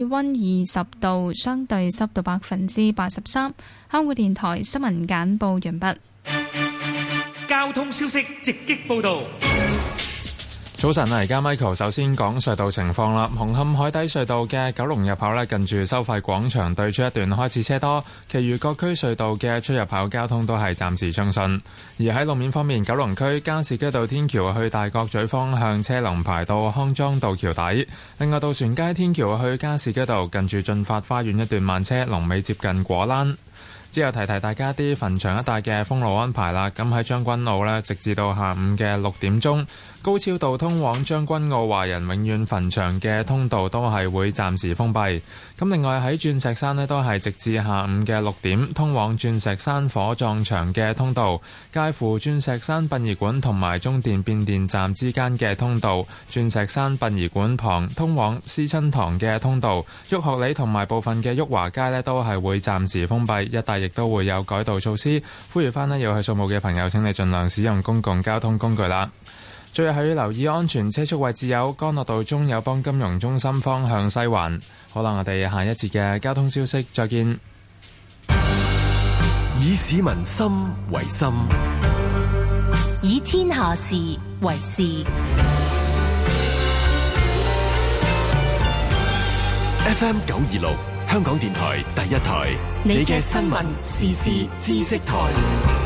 氣溫二十度，相對濕度百分之八十三。香港電台新聞簡報完畢。交通消息直擊報道。早晨啊！而家 Michael 首先講隧道情況啦。紅磡海底隧道嘅九龍入口咧，近住收費廣場對出一段開始車多，其餘各區隧道嘅出入口交通都係暫時暢順。而喺路面方面，九龍區加士居道天橋去大角咀方向車龍排到康莊道橋底，另外渡船街天橋去加士居道近住駿發花園一段慢車龍尾接近果欄。之後提提大家啲墳場一帶嘅封路安排啦。咁喺將軍澳咧，直至到下午嘅六點鐘。高超道通往將軍澳華人永遠墳場嘅通道都係會暫時封閉。咁另外喺鑽石山咧，都係直至下午嘅六點，通往鑽石山火葬場嘅通道，介乎鑽石山殯儀館同埋中電變電站之間嘅通道，鑽石山殯儀館旁通往思親堂嘅通道，裕學里同埋部分嘅裕華街咧都係會暫時封閉。一帶亦都會有改道措施，呼籲翻咧要去掃墓嘅朋友，請你盡量使用公共交通工具啦。最後要留意安全車速位置有干諾道中友邦金融中心方向西環。好啦，我哋下一節嘅交通消息再見。以市民心為心，以天下事為事。F M 九二六，香港電台第一台，你嘅新聞時事知識台。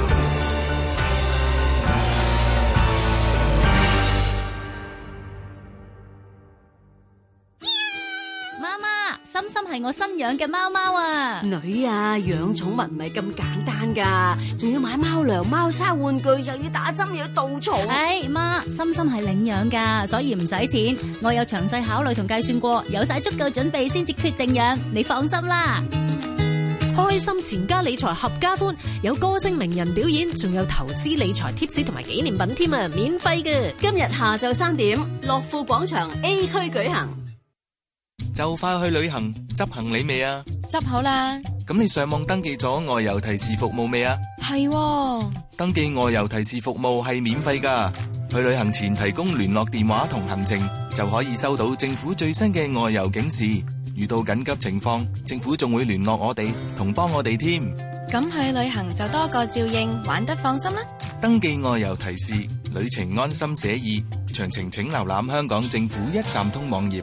心心係我新養嘅貓貓啊！女啊，養寵物唔係咁簡單噶，仲要買貓糧、貓砂、玩具，又要打針，又要稻草。哎，媽，心心係領養噶，所以唔使錢。我有詳細考慮同計算過，有晒足夠準備先至決定養，你放心啦。開心全家理財合家歡，有歌星名人表演，仲有投資理財 tips 同埋紀念品添啊，免費嘅。今日下晝三點，樂富廣場 A 區舉行。就快去旅行，執行李未啊？執好啦。咁你上網登記咗外遊提示服務未啊？係喎。登記外遊提示服務係免費噶，去旅行前提供聯絡電話同行程，就可以收到政府最新嘅外遊警示。遇到緊急情況，政府仲會聯絡我哋同幫我哋添。咁去旅行就多個照應，玩得放心啦。登記外遊提示，旅程安心寫意。詳情請瀏覽香港政府一站通網頁。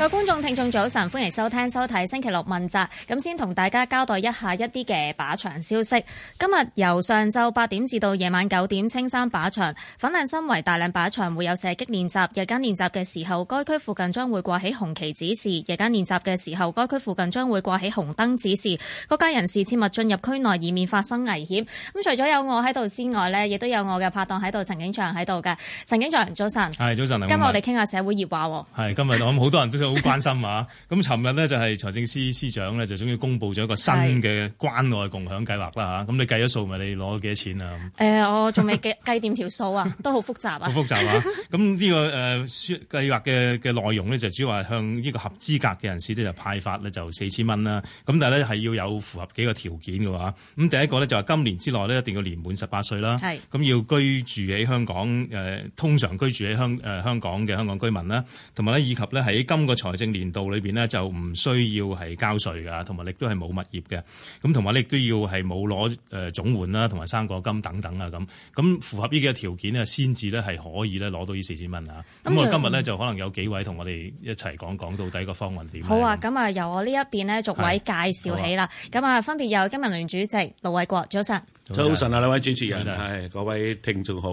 各位觀眾、聽眾，早晨，歡迎收聽、收睇《星期六問責》。咁先同大家交代一下一啲嘅靶場消息。今日由上晝八點至到夜晚九點，青山靶場粉嶺新圍大嶺靶場會有射擊練習。日間練習嘅時候，該區附近將會掛起紅旗指示；夜間練習嘅時候，該區附近將會掛起紅燈指示，各界人士切勿進入區內，以免發生危險。咁除咗有我喺度之外呢亦都有我嘅拍檔喺度，陳景祥喺度嘅。陳景祥，早晨。係早晨，今日我哋傾下社會熱話。係今日我諗好多人都想。 好關心啊！咁尋 日呢，就係財政司司長呢，就終於公布咗一個新嘅關愛共享計劃啦嚇！咁對、嗯、你計咗數咪？你攞咗幾多錢啊？誒、呃，我仲未計 計掂條數啊，都好複雜啊！好複雜啊！咁呢個誒計劃嘅嘅內容呢，就主要係向呢個合資格嘅人士呢，就派發呢就四千蚊啦。咁但係呢，係要有符合幾個條件嘅話，咁第一個呢，就話今年之內呢，一定要年滿十八歲啦。係咁是要居住喺香港誒，通常居住喺香誒香港嘅香港居民啦，同埋呢，以及呢，喺今個。財政年度裏邊呢，就唔需要係交稅噶同埋亦都係冇物業嘅。咁同埋亦都要係冇攞誒綜援啦，同埋生果金等等啊。咁咁符合呢幾個條件呢，先至呢係可以咧攞到呢四千蚊啊。咁、嗯、我今日呢，就可能有幾位同我哋一齊講講到底個方案點好啊。咁啊，由我呢一邊呢，逐位介紹起啦。咁啊，分別有經民聯主席盧偉國，早晨，早晨安，啊，兩位主持人係各位聽眾好，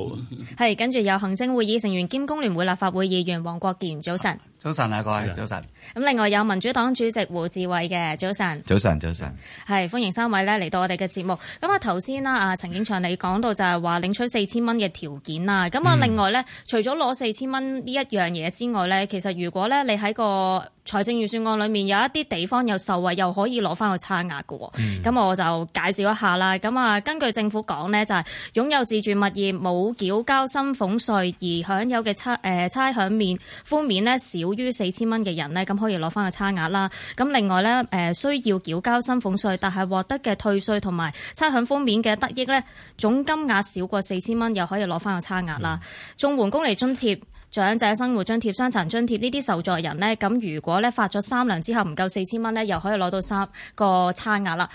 係跟住有行政會議成員兼工聯會立法會議員黃國健，早晨。早晨啊，各位早晨。咁另外有民主黨主席胡志偉嘅，早、早晨，早晨早晨，係歡迎三位咧嚟到我哋嘅節目。咁啊頭先啦啊，陳、啊、景祥你講到就係話領取四千蚊嘅條件啦、啊。咁啊、嗯、另外咧，除咗攞四千蚊呢一樣嘢之外咧，其實如果咧你喺個財政預算案裏面有一啲地方有受惠，又可以攞翻個差額嘅。咁、嗯、我就介紹一下啦。咁啊根據政府講咧，就係、是、擁有自住物業冇繳交薪俸稅而享有嘅差誒、呃、差餉面寬免咧少少於四千蚊嘅人呢，咁可以攞翻個差額啦。咁另外呢，誒需要繳交薪俸稅，但係獲得嘅退稅同埋差餉方面嘅得益呢，總金額少過四千蚊，又可以攞翻個差額啦。綜援、嗯、工嚟津貼、長者生活津貼、傷殘津貼呢啲受助人呢，咁如果呢發咗三糧之後唔夠四千蚊呢，又可以攞到三個差額啦。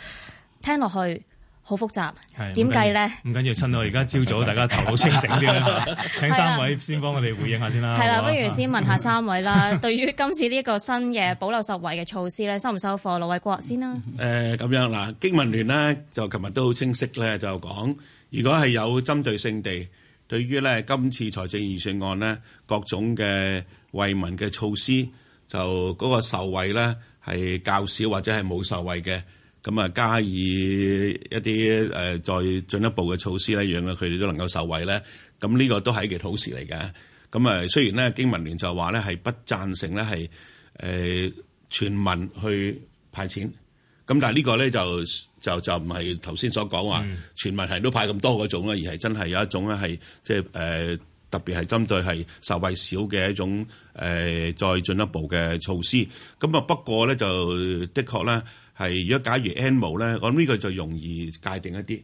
聽落去。好複雜，點計咧？唔緊要，趁到而家朝早，大家頭腦清醒啲咧。請三位先幫我哋回應下先啦。係啦，不如先問下三位啦。對於今次呢一個新嘅保留受惠嘅措施咧，收唔收貨？盧偉國先啦。誒，咁樣嗱，經民聯咧就琴日都好清晰咧，就講如果係有針對性地，對於咧今次財政預算案咧，各種嘅惠民嘅措施，就嗰個受惠咧係較少或者係冇受惠嘅。咁啊，加以一啲誒、呃、再進一步嘅措施咧，讓佢哋都能夠受惠咧。咁、嗯、呢、這個都係一件好事嚟嘅。咁、嗯、啊，雖然咧經民聯就話咧係不贊成咧係誒全民去派錢，咁但係呢個咧就就就唔係頭先所講話全民係都派咁多嗰種啦，而係真係有一種咧係即係誒特別係針對係受惠少嘅一種誒、呃、再進一步嘅措施。咁、嗯、啊不過咧就的確咧。係，如果假如 N 冇咧，我諗呢個就容易界定一啲，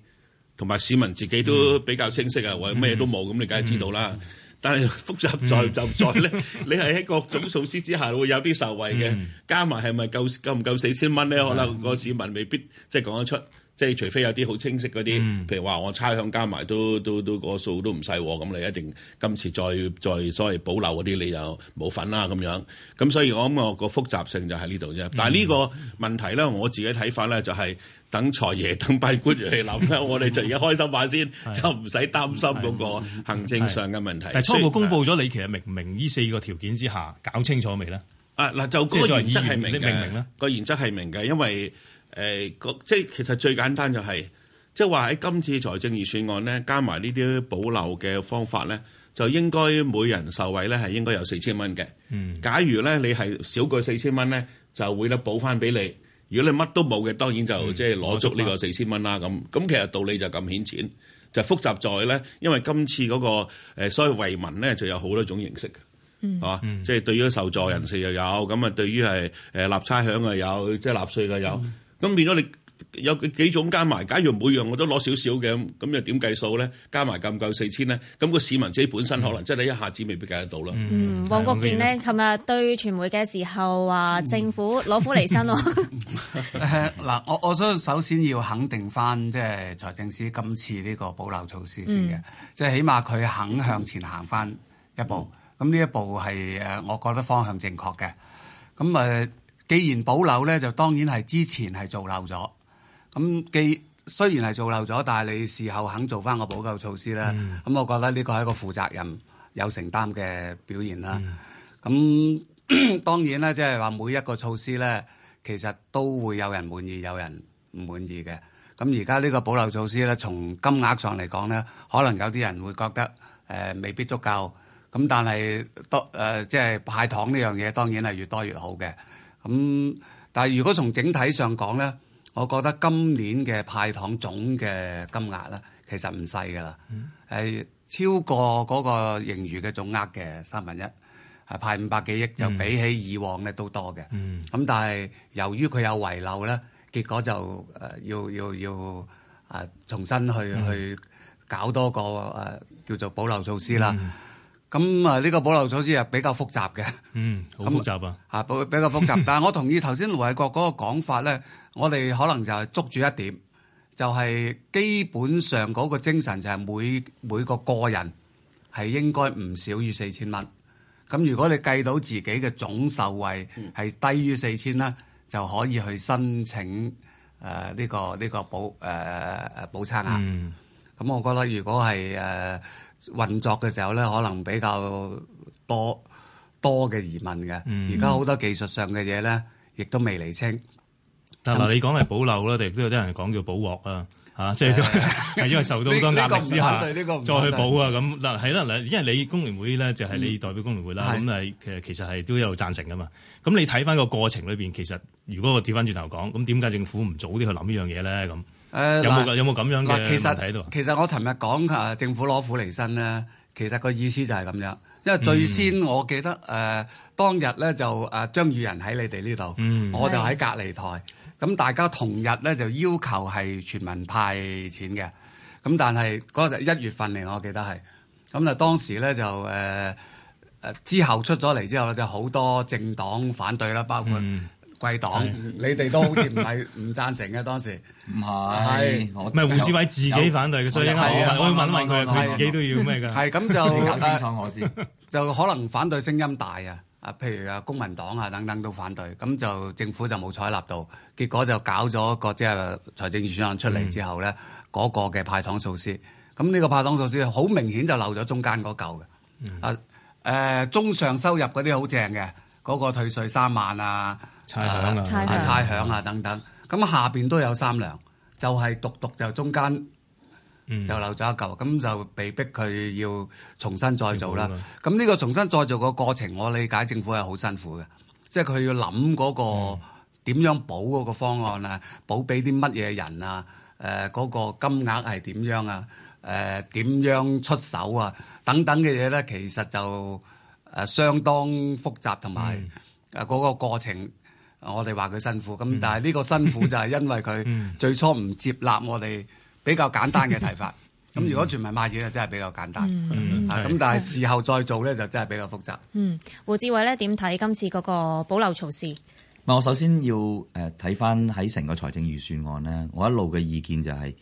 同埋市民自己都比較清晰啊。嗯、或者咩嘢都冇，咁、嗯、你梗係知道啦。嗯、但係複雜在就在咧，嗯、你係喺各種措施之下會有啲受惠嘅，嗯、加埋係咪夠夠唔夠四千蚊咧？可能個市民未必即係講得出。即係除非有啲好清晰嗰啲，譬如話我差向加埋都都都，個數都唔細喎，咁你一定今次再再所謂保留嗰啲你就冇份啦咁樣。咁所以我諗我個複雜性就喺呢度啫。但係呢個問題咧，我自己睇法咧就係等財爺等官員嚟諗咧，我哋就而家開心下先， 的就唔使擔心嗰個行政上嘅問題。初步公佈咗，你其實明唔明呢四個條件之下搞清楚未咧？啊嗱，就嗰個原則係明，啊、明明唔明咧？個原則係明嘅，因為。誒，即係其實最簡單就係、是，即係話喺今次財政預算案咧，加埋呢啲保留嘅方法咧，就應該每人受惠咧係應該有四千蚊嘅。嗯，假如咧你係少過四千蚊咧，就會咧補翻俾你。如果你乜都冇嘅，當然就即係攞足呢個四千蚊啦。咁咁、嗯嗯、其實道理就咁顯淺，就是、複雜在咧，因為今次嗰個所謂惠民咧就有好多種形式嘅，係嘛？即係對於受助人士又有，咁啊、嗯嗯、對於係誒納差餉啊有，即係納稅嘅有。嗯咁變咗你有幾種加埋？假如每樣我都攞少少嘅，咁又點計數咧？加埋夠唔夠四千咧？咁個市民自己本身可能真係一下子未必計得到啦。嗯，黃、嗯嗯、國健咧，琴日、嗯、對傳媒嘅時候話，政府攞苦嚟辛喎。嗱、嗯 呃，我我想首先要肯定翻，即、就、係、是、財政司今次呢個保留措施先嘅，即係、嗯、起碼佢肯向前行翻一步。咁呢、嗯、一步係誒，我覺得方向正確嘅。咁誒。呃既然保留咧，就當然係之前係做漏咗。咁既雖然係做漏咗，但係你事後肯做翻個補救措施咧，咁、嗯、我覺得呢個係一個負責任、有承擔嘅表現啦。咁、嗯、當然咧，即係話每一個措施咧，其實都會有人滿意，有人唔滿意嘅。咁而家呢個保留措施咧，從金額上嚟講咧，可能有啲人會覺得誒、呃、未必足夠。咁但係當誒即係派糖呢樣嘢，當然係越多越好嘅。咁、嗯、但係如果從整體上講咧，我覺得今年嘅派糖總嘅金額咧，其實唔細㗎啦，係、嗯、超過嗰個盈餘嘅總額嘅三分一、啊，係派五百幾億就比起以往咧都多嘅。咁、嗯嗯、但係由於佢有遺漏咧，結果就誒、呃、要要要啊、呃、重新去、嗯、去搞多個誒、呃、叫做保留措施啦。嗯咁啊，呢個保留措施啊，比較複雜嘅，嗯，好複雜啊，嚇，比較複雜。但係我同意頭先盧偉國嗰個講法咧， 我哋可能就係捉住一點，就係、是、基本上嗰個精神就係每每個個人係應該唔少於四千蚊。咁如果你計到自己嘅總受惠係低於四千啦，嗯、就可以去申請誒呢、呃呢個呢、呢個補誒誒、呃、補差額。咁、嗯、我覺得如果係誒。呃運作嘅時候咧，可能比較多多嘅疑問嘅。而家好多技術上嘅嘢咧，亦都未釐清。但嗱了，嗯、你講係補漏啦，亦都有啲人講叫補鑊啊，吓、就是，即係、嗯、因為受到好多壓力之下， 這個、再去補啊咁。嗱、嗯，係啦，嗱，因為你工聯會咧，就係你代表工聯會啦，咁係、嗯，其實其實係都有贊成噶嘛。咁是你睇翻個過程裏邊，其實如果我調翻轉頭講，咁點解政府唔早啲去諗呢樣嘢咧？咁？誒、呃，有冇有冇咁樣嘅，呃？其實其實我尋日講吓政府攞苦嚟，辛咧，其實個意思就係咁樣，因為最先、嗯、我記得誒、呃、當日咧就，誒張、啊、宇人喺你哋呢度，嗯、我就喺隔籬台，咁的大家同日咧就要求係全民派錢嘅，咁但係嗰日一月份嚟，我記得係，咁就當時咧就誒誒、呃、之後出咗嚟之後咧就好多政黨反對啦，包括、嗯。貴黨，你哋都好似唔係唔贊成嘅當時，唔係，唔係胡志偉自己反對嘅，所以係啊，我要問問佢，佢自己都要咩，係咁就搞清楚我先，就可能反對聲音大啊，啊，譬如啊公民黨啊等等都反對，咁就政府就冇採納到，結果就搞咗個即係財政預算案出嚟之後咧，嗰個嘅派糖措施，咁呢個派糖措施好明顯就漏咗中間嗰嚿嘅，啊誒，中上收入嗰啲好正嘅，嗰個退稅三萬啊。猜響啊！猜響啊！等等，咁下邊都有三糧，就係獨獨就中間就留咗一嚿，咁就被逼佢要重新再做啦。咁呢個重新再做個過程，我理解政府係好辛苦嘅，即係佢要諗嗰個點樣補嗰個方案啊，補俾啲乜嘢人啊？誒，嗰個金額係點樣啊？誒，點樣出手啊？等等嘅嘢咧，其實就誒相當複雜同埋誒嗰個過程。我哋話佢辛苦咁，但係呢個辛苦就係因為佢最初唔接納我哋比較簡單嘅睇法。咁 如果全民派錢咧，真係比較簡單，咁、嗯、但係事後再做咧，就真係比較複雜。嗯、胡志偉咧點睇今次嗰個保留措施？嗱我首先要誒睇翻喺成個財政預算案咧，我一路嘅意見就係、是、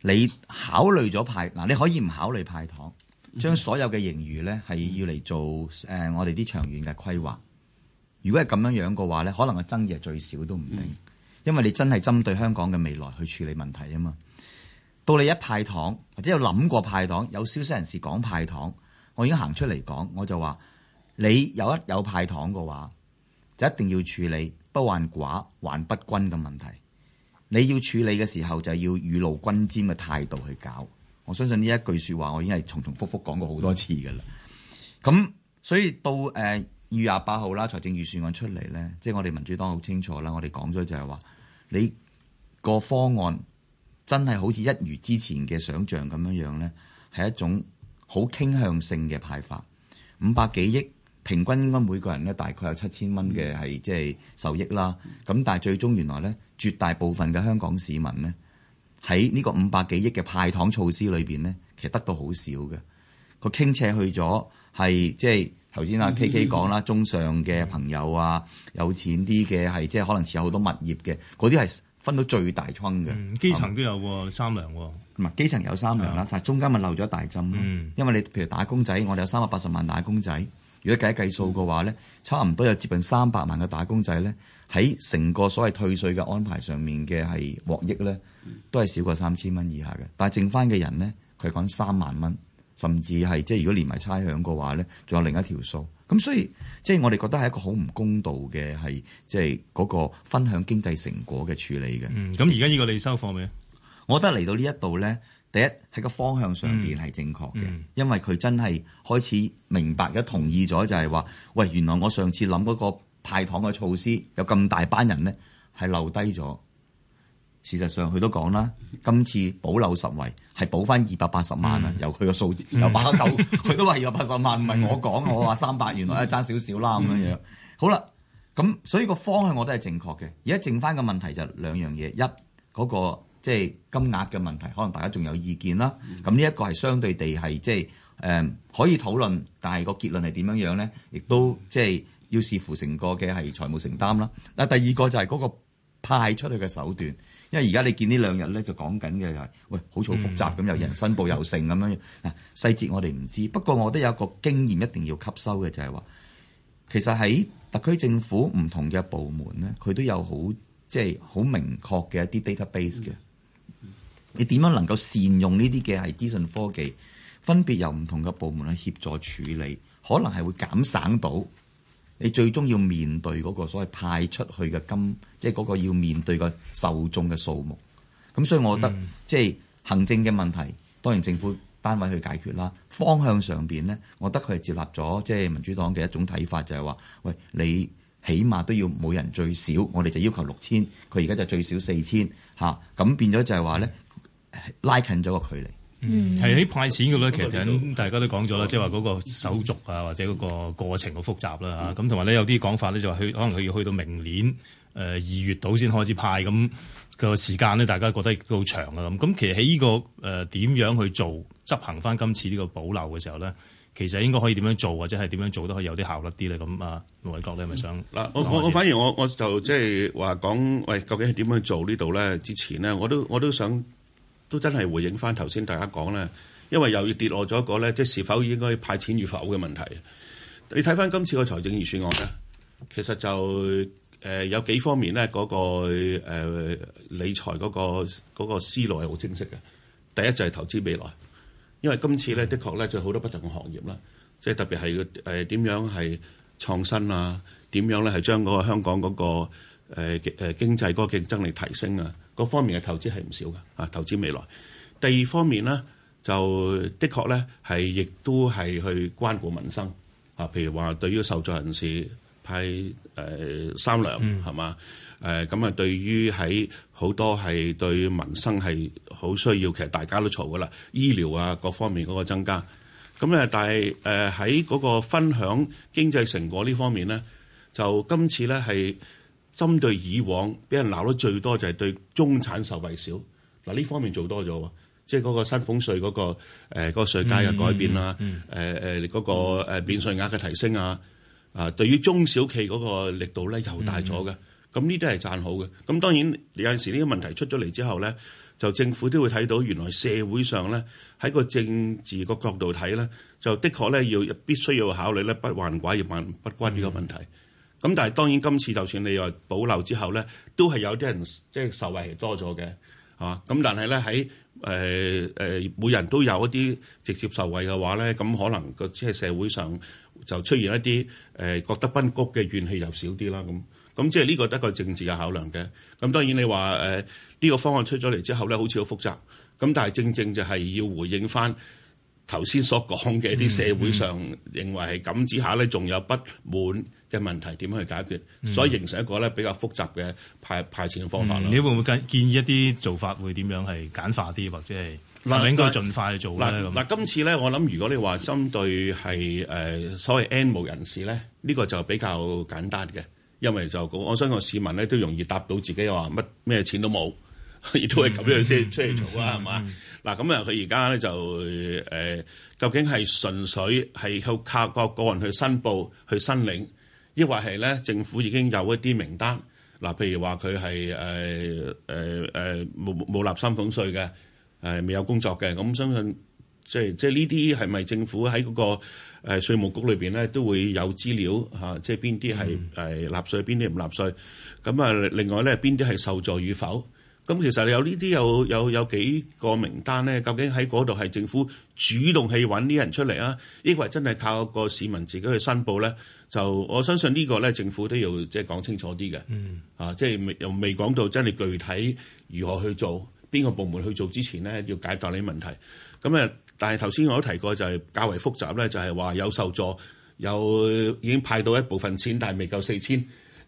你考慮咗派嗱，你可以唔考慮派糖，將所有嘅盈餘咧係要嚟做誒我哋啲長遠嘅規劃。如果係咁樣樣嘅話呢，可能個爭議係最少都唔定，嗯、因為你真係針對香港嘅未來去處理問題啊嘛。到你一派糖，或者有諗過派糖，有消息人士講派糖，我已經行出嚟講，我就話你有一有派糖嘅話，就一定要處理不患寡患不均嘅問題。你要處理嘅時候就要雨露均沾嘅態度去搞。我相信呢一句說話，我已經係重重複複講過好多次噶啦。咁、嗯、所以到誒。呃二月廿八號啦，財政預算案出嚟咧，即係我哋民主黨好清楚啦，我哋講咗就係話，你個方案真係好似一如之前嘅想象咁樣樣咧，係一種好傾向性嘅派發，五百幾億平均應該每個人咧大概有七千蚊嘅係即係受益啦，咁但係最終原來咧絕大部分嘅香港市民咧喺呢個五百幾億嘅派糖措施裏邊咧，其實得到好少嘅，個傾斜去咗係即係。頭先阿 K K 講啦，嗯、中上嘅朋友啊，嗯、有錢啲嘅係即係可能持有好多物業嘅，嗰啲係分到最大倉嘅、嗯。基層都有、嗯、三糧喎、哦。唔係基層有三糧啦，啊、但係中間咪漏咗一大針咯。嗯、因為你譬如打工仔，我哋有三百八十萬打工仔，如果計一計數嘅話咧，嗯、差唔多有接近三百萬嘅打工仔咧，喺成個所謂退稅嘅安排上面嘅係獲益咧，都係少過三千蚊以下嘅。但係剩翻嘅人咧，佢講三萬蚊。甚至係即係如果連埋差餉嘅話咧，仲有另一條數。咁所以即係我哋覺得係一個好唔公道嘅係即係嗰個分享經濟成果嘅處理嘅。咁而家呢個你收放貨未啊？我覺得嚟到呢一度咧，第一，喺個方向上邊係正確嘅，嗯嗯、因為佢真係開始明白咗同意咗，就係話：喂，原來我上次諗嗰個派糖嘅措施，有咁大班人咧係留低咗。事實上佢都講啦，今次保留十圍係補翻二百八十萬啊，嗯、由佢個數字有把夠，佢都話二百八十萬唔係我講，我話三百，原來一爭少少啦咁樣樣。嗯、好啦，咁所以個方向我都係正確嘅，而家剩翻嘅問題就兩樣嘢，一嗰、嗰個即係、即係、金額嘅問題，可能大家仲有意見啦。咁呢一個係相對地係即係誒可以討論，但係個結論係點樣樣咧？亦都即係、即係、要視乎成個嘅係財務承擔啦。嗱，第二個就係嗰個派出去嘅手段。因為而家你見呢兩日咧，就講緊嘅就係，喂好似好複雜咁，又人申報又成咁樣，嗱 細節我哋唔知。不過我覺得有一個經驗一定要吸收嘅就係、是、話，其實喺特區政府唔同嘅部門咧，佢都有好即係好明確嘅一啲 database 嘅。你點樣能夠善用呢啲嘅係資訊科技，分別由唔同嘅部門去協助處理，可能係會減省到。你最終要面對嗰個所謂派出去嘅金，即係嗰個要面對嘅受眾嘅數目。咁所以，我覺得、嗯、即係行政嘅問題，當然政府單位去解決啦。方向上邊咧，我覺得佢係接納咗即係民主黨嘅一種睇法就，就係話喂，你起碼都要每人最少，我哋就要求六千，佢而家就最少四千嚇。咁變咗就係話咧，拉近咗個距離。嗯，係喺派錢嘅咯，其實大家都講咗啦，即係話嗰個手續啊，或者嗰個過程好複雜啦、啊、嚇，咁同埋咧有啲講法咧就話佢可能佢要去到明年誒二月度先開始派咁嘅、那個、時間咧，大家覺得都好長啊咁。咁其實喺呢、這個誒點、呃、樣去做執行翻今次呢個保留嘅時候咧，其實應該可以點樣做或者係點樣做都可以有啲效率啲咧咁啊？盧偉國你是是，你係咪想嗱？我我我反而我我就即係話講，喂，究竟係點樣去做呢度咧？之前咧，我都我都，我都想。都真係回應翻頭先大家講咧，因為又要跌落咗一個咧，即係是否應該派錢與否嘅問題。你睇翻今次個財政預算案咧，其實就誒有幾方面咧，嗰個誒理財嗰個嗰個思路係好清晰嘅。第一就係投資未來，因為今次咧的確咧，就好多不同行業啦，即係特別係誒點樣係創新啊，點樣咧係將嗰個香港嗰個誒誒經濟嗰個競爭力提升啊。各方面嘅投資係唔少噶，啊投資未來。第二方面咧，就的確咧係亦都係去關顧民生，啊譬如話對於受助人士派誒、呃、三糧係嘛，誒咁啊，嗯呃、對於喺好多係對民生係好需要，其實大家都嘈噶啦，醫療啊，各方面嗰個增加。咁、啊、咧但係誒喺嗰個分享經濟成果呢方面咧，就今次咧係。針對以往俾人鬧得最多就係對中產受惠少，嗱呢方面做多咗，即係嗰個薪俸稅嗰個誒、呃嗰個稅階嘅改變啦，誒誒嗰個免稅額嘅提升啊，啊、呃、對於中小企嗰個力度咧又大咗嘅，咁呢啲係讚好嘅。咁當然有陣時呢啲問題出咗嚟之後咧，就政府都會睇到原來社會上咧喺個政治個角度睇咧，就的確咧要必須要考慮咧不患寡而患不均呢個問題。嗯咁但係當然，今次就算你話保留之後咧，都係有啲人即係受惠係多咗嘅，啊！咁但係咧喺誒誒，每人都有一啲直接受惠嘅話咧，咁、嗯、可能個即係社會上就出現一啲誒、呃、覺得賓谷嘅怨氣又少啲啦。咁、嗯、咁即係呢個得個政治嘅考量嘅。咁、嗯、當然你話誒呢個方案出咗嚟之後咧，好似好複雜。咁、嗯、但係正正就係要回應翻。頭先所講嘅一啲社會上認為係咁之下咧，仲有不滿嘅問題點樣去解決？嗯、所以形成一個咧比較複雜嘅派派錢嘅方法啦、嗯。你會唔會建建議一啲做法會點樣係簡化啲，或者係應該盡快去做啦？嗱，今次咧，我諗如果你話針對係誒、呃、所謂 N 無人士咧，呢、呢個就比較簡單嘅，因為就我我相信市民咧都容易答到自己話乜咩錢都冇。亦 都係咁樣先出嚟做啊，係嘛、嗯？嗱吧，咁啊、嗯，佢而家咧就誒、呃，究竟係純粹係靠靠個個人去申報去申領，抑或係咧政府已經有一啲名單？嗱、呃，譬如話佢係誒誒誒冇冇納薪俸稅嘅，誒、呃呃呃、未有工作嘅，咁相信即係即係呢啲係咪政府喺嗰個誒稅務局裏邊咧都會有資料嚇？即係邊啲係誒納稅，邊啲唔納稅？咁、呃、啊，另外咧邊啲係受助與否？咁其實有呢啲有有有幾個名單咧？究竟喺嗰度係政府主動去揾啲人出嚟啊？抑或真係靠個市民自己去申報咧？就我相信呢個咧，政府都要即係講清楚啲嘅。嗯。啊，即係未又未講到真係具體如何去做，邊個部門去做之前咧，要解答呢啲問題。咁啊，但係頭先我都提過就係較為複雜咧，就係話有受助，有已經派到一部分錢，但係未夠四千。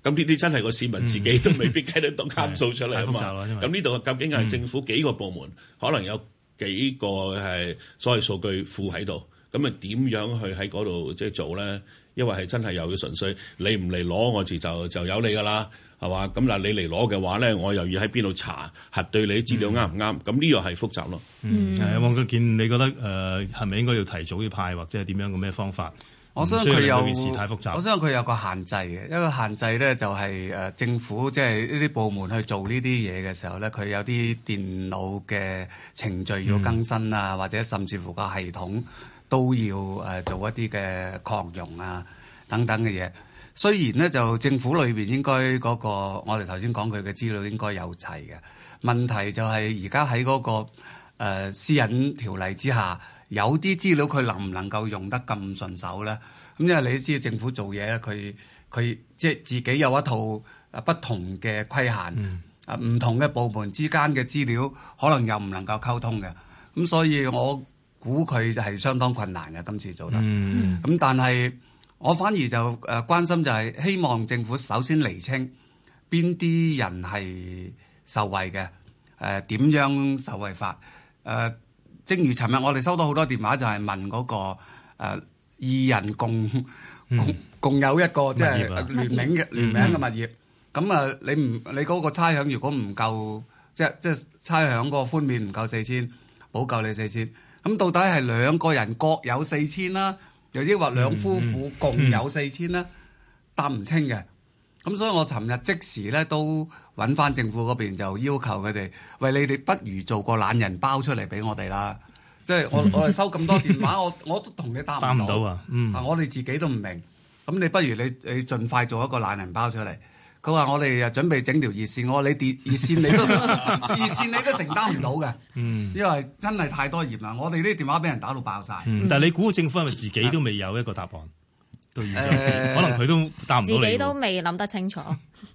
咁呢啲真係個市民自己都未必計得當監數出嚟啊，咁呢度究竟係政府幾個部門，嗯、可能有幾個係所謂數據庫喺度，咁啊點樣去喺嗰度即係做咧？因為係真係又要純粹你唔嚟攞我哋就就有你噶啦，係嘛？咁嗱你嚟攞嘅話咧，我又要喺邊度查核對你啲資料啱唔啱？咁呢個係複雜咯。嗯，係黃國健，你覺得誒係咪應該要提早啲派，或者點樣個咩方法？我想佢有，我想佢有個限制嘅。一個限制咧就係、是、誒、呃、政府即係呢啲部門去做呢啲嘢嘅時候咧，佢有啲電腦嘅程序要更新啊，嗯、或者甚至乎個系統都要誒、呃、做一啲嘅擴容啊等等嘅嘢。雖然咧就政府裏邊應該嗰、那個我哋頭先講，佢嘅資料應該有齊嘅，問題就在在、那個，就係而家喺嗰個誒私隱條例之下。有啲資料佢能唔能夠用得咁順手咧？咁因為你都知政府做嘢咧，佢佢即係自己有一套啊不同嘅規限，啊唔同嘅部門之間嘅資料可能又唔能夠溝通嘅。咁所以我估佢就係相當困難嘅，今次做得。咁但係我反而就誒關心就係希望政府首先釐清邊啲人係受惠嘅，誒點樣受惠法，誒。正如尋日我哋收到好多電話，就係問嗰個誒二人共共共有一個即係聯名嘅聯名嘅物業，咁啊你唔你嗰個差餉如果唔夠，即係即係差餉個寬免唔夠四千，補夠你四千，咁到底係兩個人各有四千啦，又抑或兩夫婦共有四千啦，答唔清嘅，咁所以我尋日即時咧都。揾翻政府嗰邊就要求佢哋，喂，你哋不如做個懶人包出嚟俾我哋啦。即係我我收咁多電話， 我我都同你答唔到。擔唔到啊？啊，我哋自己都唔明。咁你不如你你盡快做一個懶人包出嚟。佢話我哋又準備整條熱線，我話你電熱線你都熱線你都承擔唔到嘅。嗯。 因為真係太多嘢啦，我哋呢啲電話俾人打到爆晒，嗯，但係你估政府係咪自己都未有一個答案？啊啊 可能佢都答唔到你，自己都未諗得清楚。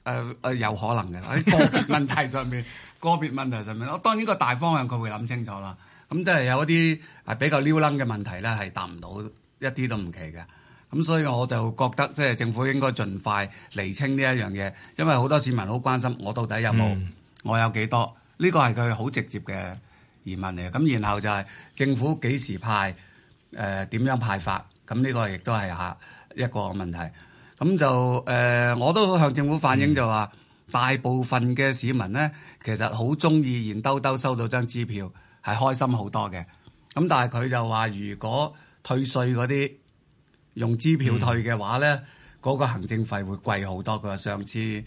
誒誒，有可能嘅。個別問題上面， 個別問題上面，我當然個大方向佢會諗清楚啦。咁即係有一啲係比較撩楞嘅問題咧，係答唔到，一啲都唔奇嘅。咁所以我就覺得，即係政府應該盡快釐清呢一樣嘢，因為好多市民好關心，我到底有冇，嗯、我有幾多？呢個係佢好直接嘅疑問嚟嘅。咁然後就係政府幾時派，誒、呃、點樣派法？咁呢個亦都係下。一個問題，咁就誒、呃，我都向政府反映就話，嗯、大部分嘅市民呢，其實好鍾意現兜兜收到張支票，係開心好多嘅。咁但係佢就話，如果退稅嗰啲用支票退嘅話呢，嗰、嗯、個行政費會貴好多。佢話上次誒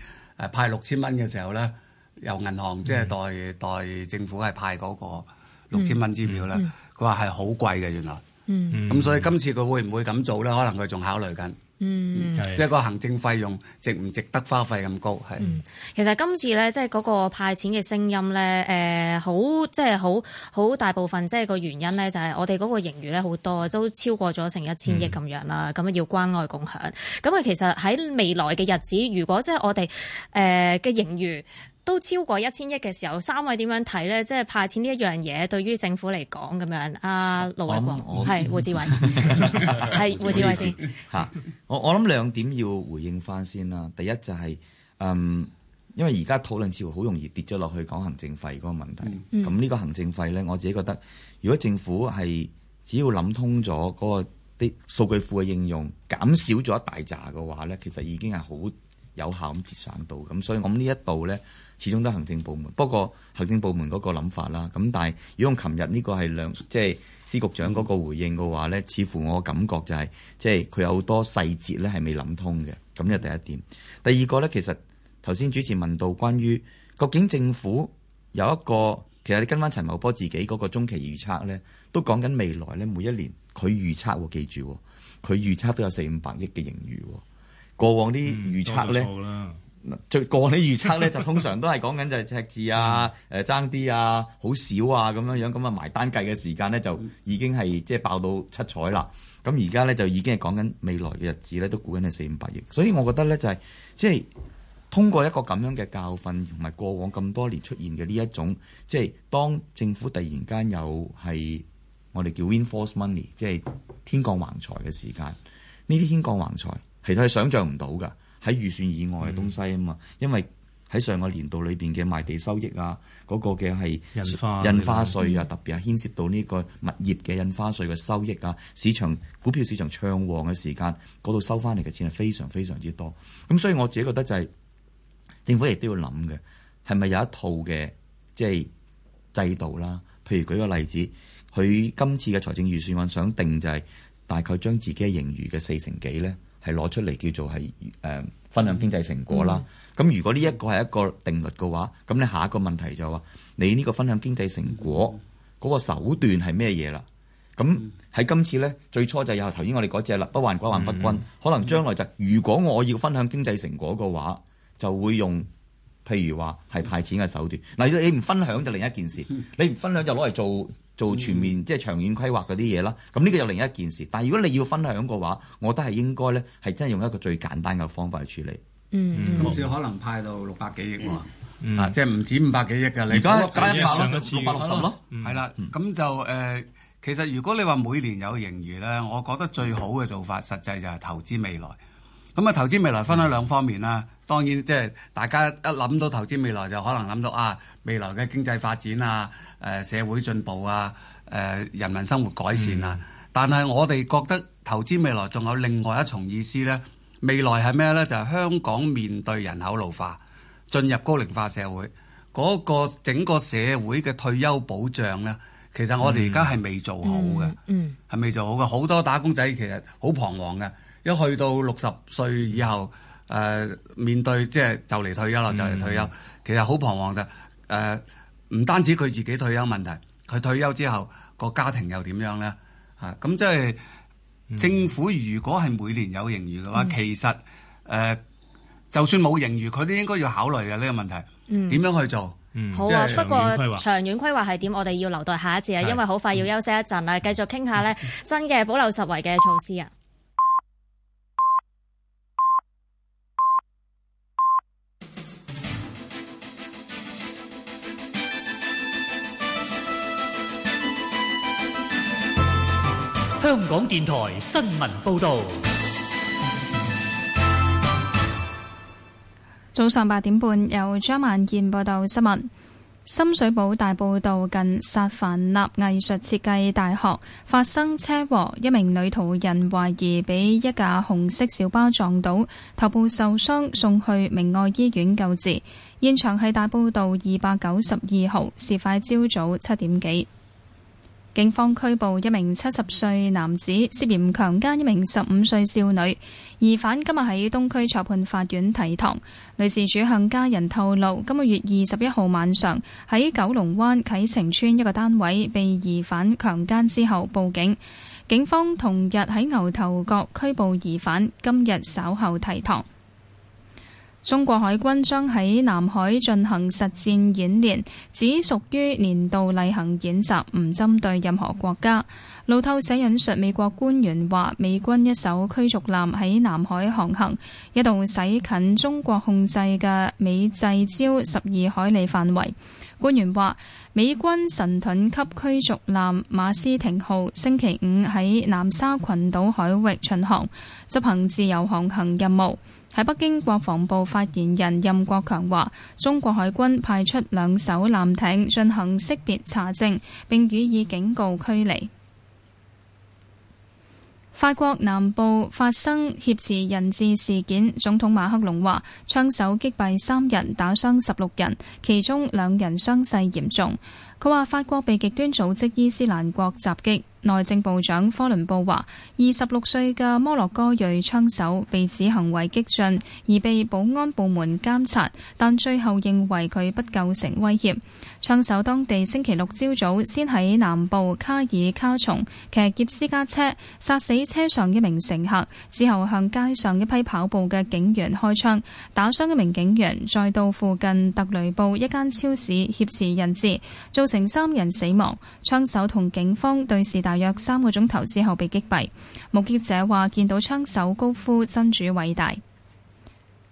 派六千蚊嘅時候呢，由銀行即係、嗯、代代政府係派嗰個六千蚊支票呢，佢話係好貴嘅原來。嗯，咁所以今次佢會唔會咁做咧？可能佢仲考慮緊，嗯、即係個行政費用值唔值得花費咁高？係、嗯、其實今次咧，即係嗰個派錢嘅聲音咧，誒好即係好好大部分即係個原因咧，就係我哋嗰個盈餘咧好多，都超過咗成一千億咁樣啦。咁啊、嗯、要關愛共享，咁啊其實喺未來嘅日子，如果即係我哋誒嘅盈餘，都超過一千億嘅時候，三位點樣睇咧？即係派錢呢一樣嘢，對於政府嚟講咁樣。阿、啊、盧偉國，係胡志偉，係 胡志偉先。嚇！ 我我諗兩點要回應返先啦。第一就係、是、嗯，因為而家討論似乎好容易跌咗落去講行政費嗰個問題。咁呢、嗯、個行政費咧，我自己覺得，如果政府係只要諗通咗嗰個啲數據庫嘅應用，減少咗一大扎嘅話咧，其實已經係好。有效咁節省到，咁所以我諗呢一度咧，始終都係行政部門。不過行政部門嗰個諗法啦，咁但係如果用琴日呢個係兩，即係司局長嗰個回應嘅話咧，似乎我感覺就係、是、即係佢有好多細節咧係未諗通嘅。咁就第一點。第二個咧，其實頭先主持問到關於究竟政府有一個，其實你跟翻陳茂波自己嗰個中期預測咧，都講緊未來咧每一年佢預測，記住佢預測都有四五百億嘅盈餘。過往啲預測咧，最過往啲預測咧，就 通常都係講緊就係赤字啊，誒爭啲啊，好少啊，咁樣樣咁啊埋單計嘅時間咧，就已經係即係爆到七彩啦。咁而家咧就已經係講緊未來嘅日子咧，都估緊係四五百億。所以我覺得咧就係即係通過一個咁樣嘅教訓，同埋過往咁多年出現嘅呢一種，即係當政府突然間有係我哋叫 windfall money，即係天降橫財嘅時間呢啲天降橫財。其實係想象唔到噶，喺預算以外嘅東西啊嘛。因為喺上個年度裏邊嘅賣地收益啊，嗰、嗰個嘅係印花印花稅啊，特別係牽涉到呢個物業嘅印花稅嘅收益啊。市場股票市場暢旺嘅時間，嗰度收翻嚟嘅錢係非常非常之多。咁所以我自己覺得就係、是、政府亦都要諗嘅係咪有一套嘅即係制度啦。譬如舉個例子，佢今次嘅財政預算案想定就係大概將自己嘅盈餘嘅四成幾咧。係攞出嚟叫做係誒、呃、分享經濟成果啦。咁、mm hmm. 如果呢一個係一個定律嘅話，咁你下一個問題就話、係、你呢個分享經濟成果嗰、mm hmm. 個手段係咩嘢啦？咁喺今次呢，最初就係有頭先我哋嗰隻啦，不患寡患不均。可能將來就係、如果我要分享經濟成果嘅話，就會用譬如話係派錢嘅手段。嗱，如果你唔分享就另一件事，你唔分享就攞嚟做。做全面即係長遠規劃嗰啲嘢啦，咁呢個又另一件事。但係如果你要分享嘅話，我覺得係應該咧，係真係用一個最簡單嘅方法去處理。嗯，咁少可能派到六百幾億喎，啊，即係唔止五百幾億㗎。你而家減一百咯，六百六十咯，係啦。咁就誒，其實如果你話每年有盈餘咧，我覺得最好嘅做法，實際就係投資未來。咁啊，投資未來分開兩方面啦。嗯、當然，即、就、係、是、大家一諗到投資未來，就可能諗到啊，未來嘅經濟發展啊，誒、呃、社會進步啊，誒、呃、人民生活改善啊。嗯、但係我哋覺得投資未來仲有另外一重意思呢。未來係咩咧？就係、是、香港面對人口老化，進入高齡化社會，嗰、那個整個社會嘅退休保障呢，其實我哋而家係未做好嘅，係、嗯嗯嗯、未做好嘅。好多打工仔其實好彷徨嘅。一去到六十歲以後，誒、呃、面對即係就嚟退休啦，就嚟退休，其實好彷徨嘅。誒、呃、唔單止佢自己退休問題，佢退休之後個家庭又點樣呢？啊，咁即係政府如果係每年有盈餘嘅話，嗯、其實誒、呃、就算冇盈餘，佢都應該要考慮嘅呢、呢個問題。嗯，點樣去做？嗯、好啊。不過、就是、長遠規劃係點？我哋要留待下一節啊，因為好快要休息一陣啊。繼續傾下呢，新嘅補漏拾遺嘅措施啊！香港電台新聞報道，早上八點半，由張萬燕報道新聞。深水埗大埔道近薩凡納藝術設計大學發生車禍，一名女途人懷疑被一架紅色小巴撞倒，頭部受傷，送去明愛醫院救治。現場係大埔道二百九十二號，事發朝早七點幾。警方拘捕一名七十歲男子，涉嫌強姦一名十五歲少女。疑犯今日喺東區裁判法院提堂。女事主向家人透露，今個月二十一號晚上喺九龍灣啟晴邨一個單位被疑犯強姦之後報警，警方同日喺牛頭角拘捕疑犯，今日稍後提堂。中國海軍將喺南海進行實戰演練，只屬於年度例行演習，唔針對任何國家。路透社引述美國官員話：美軍一艘驅逐艦喺南海航行，一度駛近中國控制嘅美濟礁十二海里範圍。官員話：美軍神盾級驅逐艦馬斯廷號星期五喺南沙群島海域巡航，執行自由航行任務。喺北京，國防部發言人任國強話：中國海軍派出兩艘艦艇進行識別查證，並予以警告驅離。法國南部發生挾持人質事件，總統馬克龍話：槍手擊斃三人，打傷十六人，其中兩人傷勢嚴重。佢話法國被極端組織伊斯蘭國襲擊。內政部長科倫布話：二十六歲嘅摩洛哥裔槍手被指行為激進而被保安部門監察，但最後認為佢不構成威脅。槍手當地星期六朝早先喺南部卡爾卡松騎劫私家車，殺死車上一名乘客，之後向街上一批跑步嘅警員開槍，打傷一名警員，再到附近特雷布一間超市挾持人質，造成三人死亡。槍手同警方對峙大。大約三個鐘頭之後被擊斃。目擊者話見到槍手高呼“真主偉大”。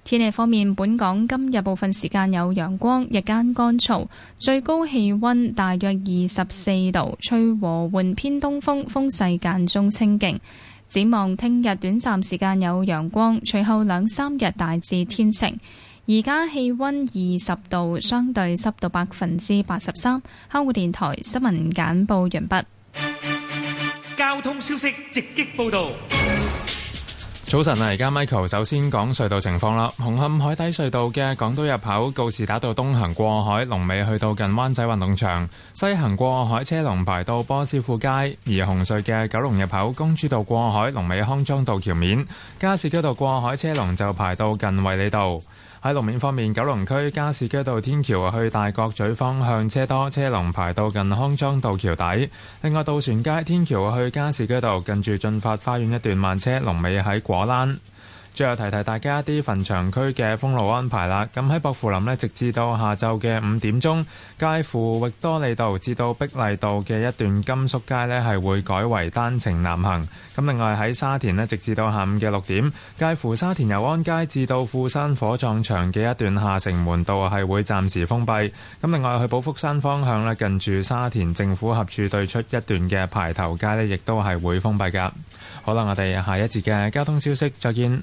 天氣方面，本港今日部分時間有陽光，日間乾燥，最高氣溫大約二十四度，吹和緩偏東風，風勢間中清勁。展望聽日短暫時間有陽光，隨後兩三日大致天晴。而家氣溫二十度，相對濕度百分之八十三。香港電台新聞簡報完畢。交通消息直擊報道。早晨啊，而家 Michael 首先講隧道情況啦。紅磡海底隧道嘅港島入口告士打道東行過海，龍尾去到近灣仔運動場；西行過海車龍排到波斯富街。而紅隧嘅九龍入口公主道過海，龍尾康莊道橋面；加士居道過海車龍就排到近衛理道。喺路面方面，九龍區加士居道天橋去大角咀方向車多，車龍排到近康莊道橋底。另外，渡船街天橋去加士居道近住駿發花園一段慢車，龍尾喺果欄。最後提提大家一啲墳場區嘅封路安排啦。咁喺薄扶林呢，直至到下晝嘅五點鐘，介乎域多利道至到碧麗道嘅一段金屬街呢，係會改為單程南行。咁另外喺沙田呢，直至到下午嘅六點，介乎沙田油安街至到富山火葬場嘅一段下城門道係會暫時封閉。咁另外去寶福山方向呢，近住沙田政府合署對出一段嘅排頭街呢，亦都係會封閉噶。好啦，我哋下一節嘅交通消息，再見。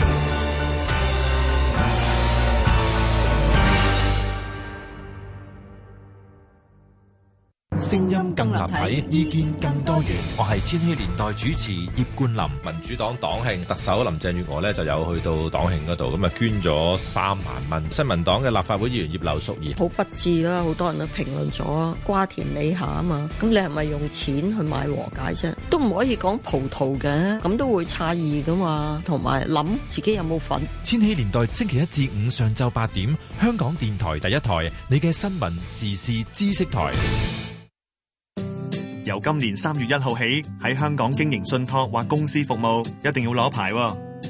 聲音更立體，意見更多元。我係千禧年代主持葉冠霖，民主黨黨慶，特首林鄭月娥咧就有去到黨慶嗰度，咁啊捐咗三萬蚊。新民黨嘅立法會議員葉劉淑儀，好不智啦，好多人都評論咗瓜田李下啊嘛，咁你係咪用錢去買和解啫？都唔可以講葡萄嘅，咁都會詫異噶嘛，同埋諗自己有冇份。千禧年代星期一至五上晝八點，香港電台第一台，你嘅新聞時事知識台。由今年三月一號起，喺香港經營信託或公司服務，一定要攞牌。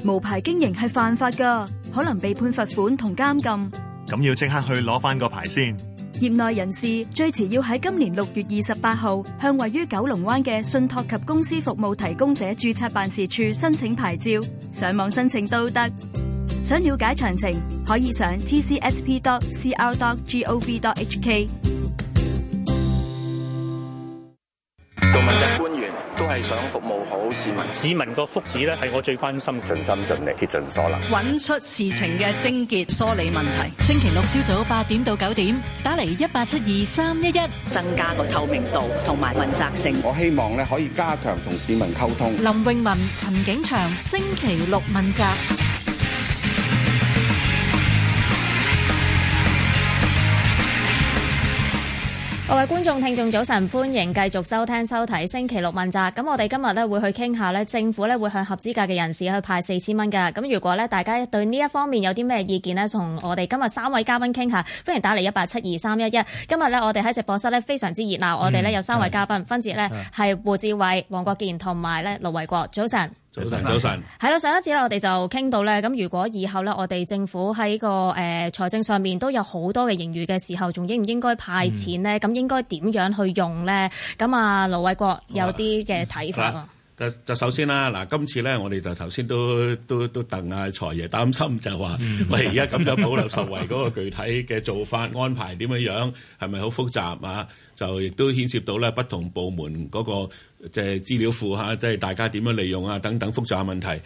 無牌經營係犯法㗎，可能被判罰款同監禁。咁要即刻去攞返個牌先。業內人士，最遲要喺今年六月二十八號向位於九龍灣嘅信託及公司服務提供者註冊辦事處申請牌照。上網申請都得。想了解詳情，可以上 tcsp.cr.gov.hk。問責官員都係想服務好市民，市民個福祉咧，係我最關心，盡心盡力竭盡所能，揾出事情嘅症結，梳理問題。星期六朝早八點到九點，打嚟一八七二三一一，增加個透明度同埋問責性。我希望咧可以加強同市民溝通。林詠雯、陳景祥，星期六問責。各位觀眾、聽眾，早晨，歡迎繼續收聽、收睇《星期六問責》。咁我哋今日咧會去傾下咧，政府咧會向合資格嘅人士去派四千蚊㗎。咁如果咧大家對呢一方面有啲咩意見呢，同我哋今日三位嘉賓傾下，歡迎打嚟一八七二三一一。今日咧我哋喺直播室咧非常之熱鬧，嗯、我哋咧有三位嘉賓，分別咧係胡志偉、黃國健同埋咧盧偉國。早晨。早晨，早晨。係啦，上一次咧，我哋就傾到咧，咁如果以後咧，我哋政府喺、這個誒、財、呃、政上面都有好多嘅盈餘嘅時候，仲應唔應該派錢咧？咁、嗯、應該點樣去用咧？咁啊，盧偉國有啲嘅睇法。就首先啦，嗱，今次咧，我哋就頭先都都都鄧阿財爺擔心就話，喂、嗯，而家咁樣保留受惠嗰個具體嘅做法 安排點樣樣，係咪好複雜啊？就亦都牽涉到咧，不同部門嗰個即係資料庫嚇，即係大家點樣利用啊，等等複雜嘅問題。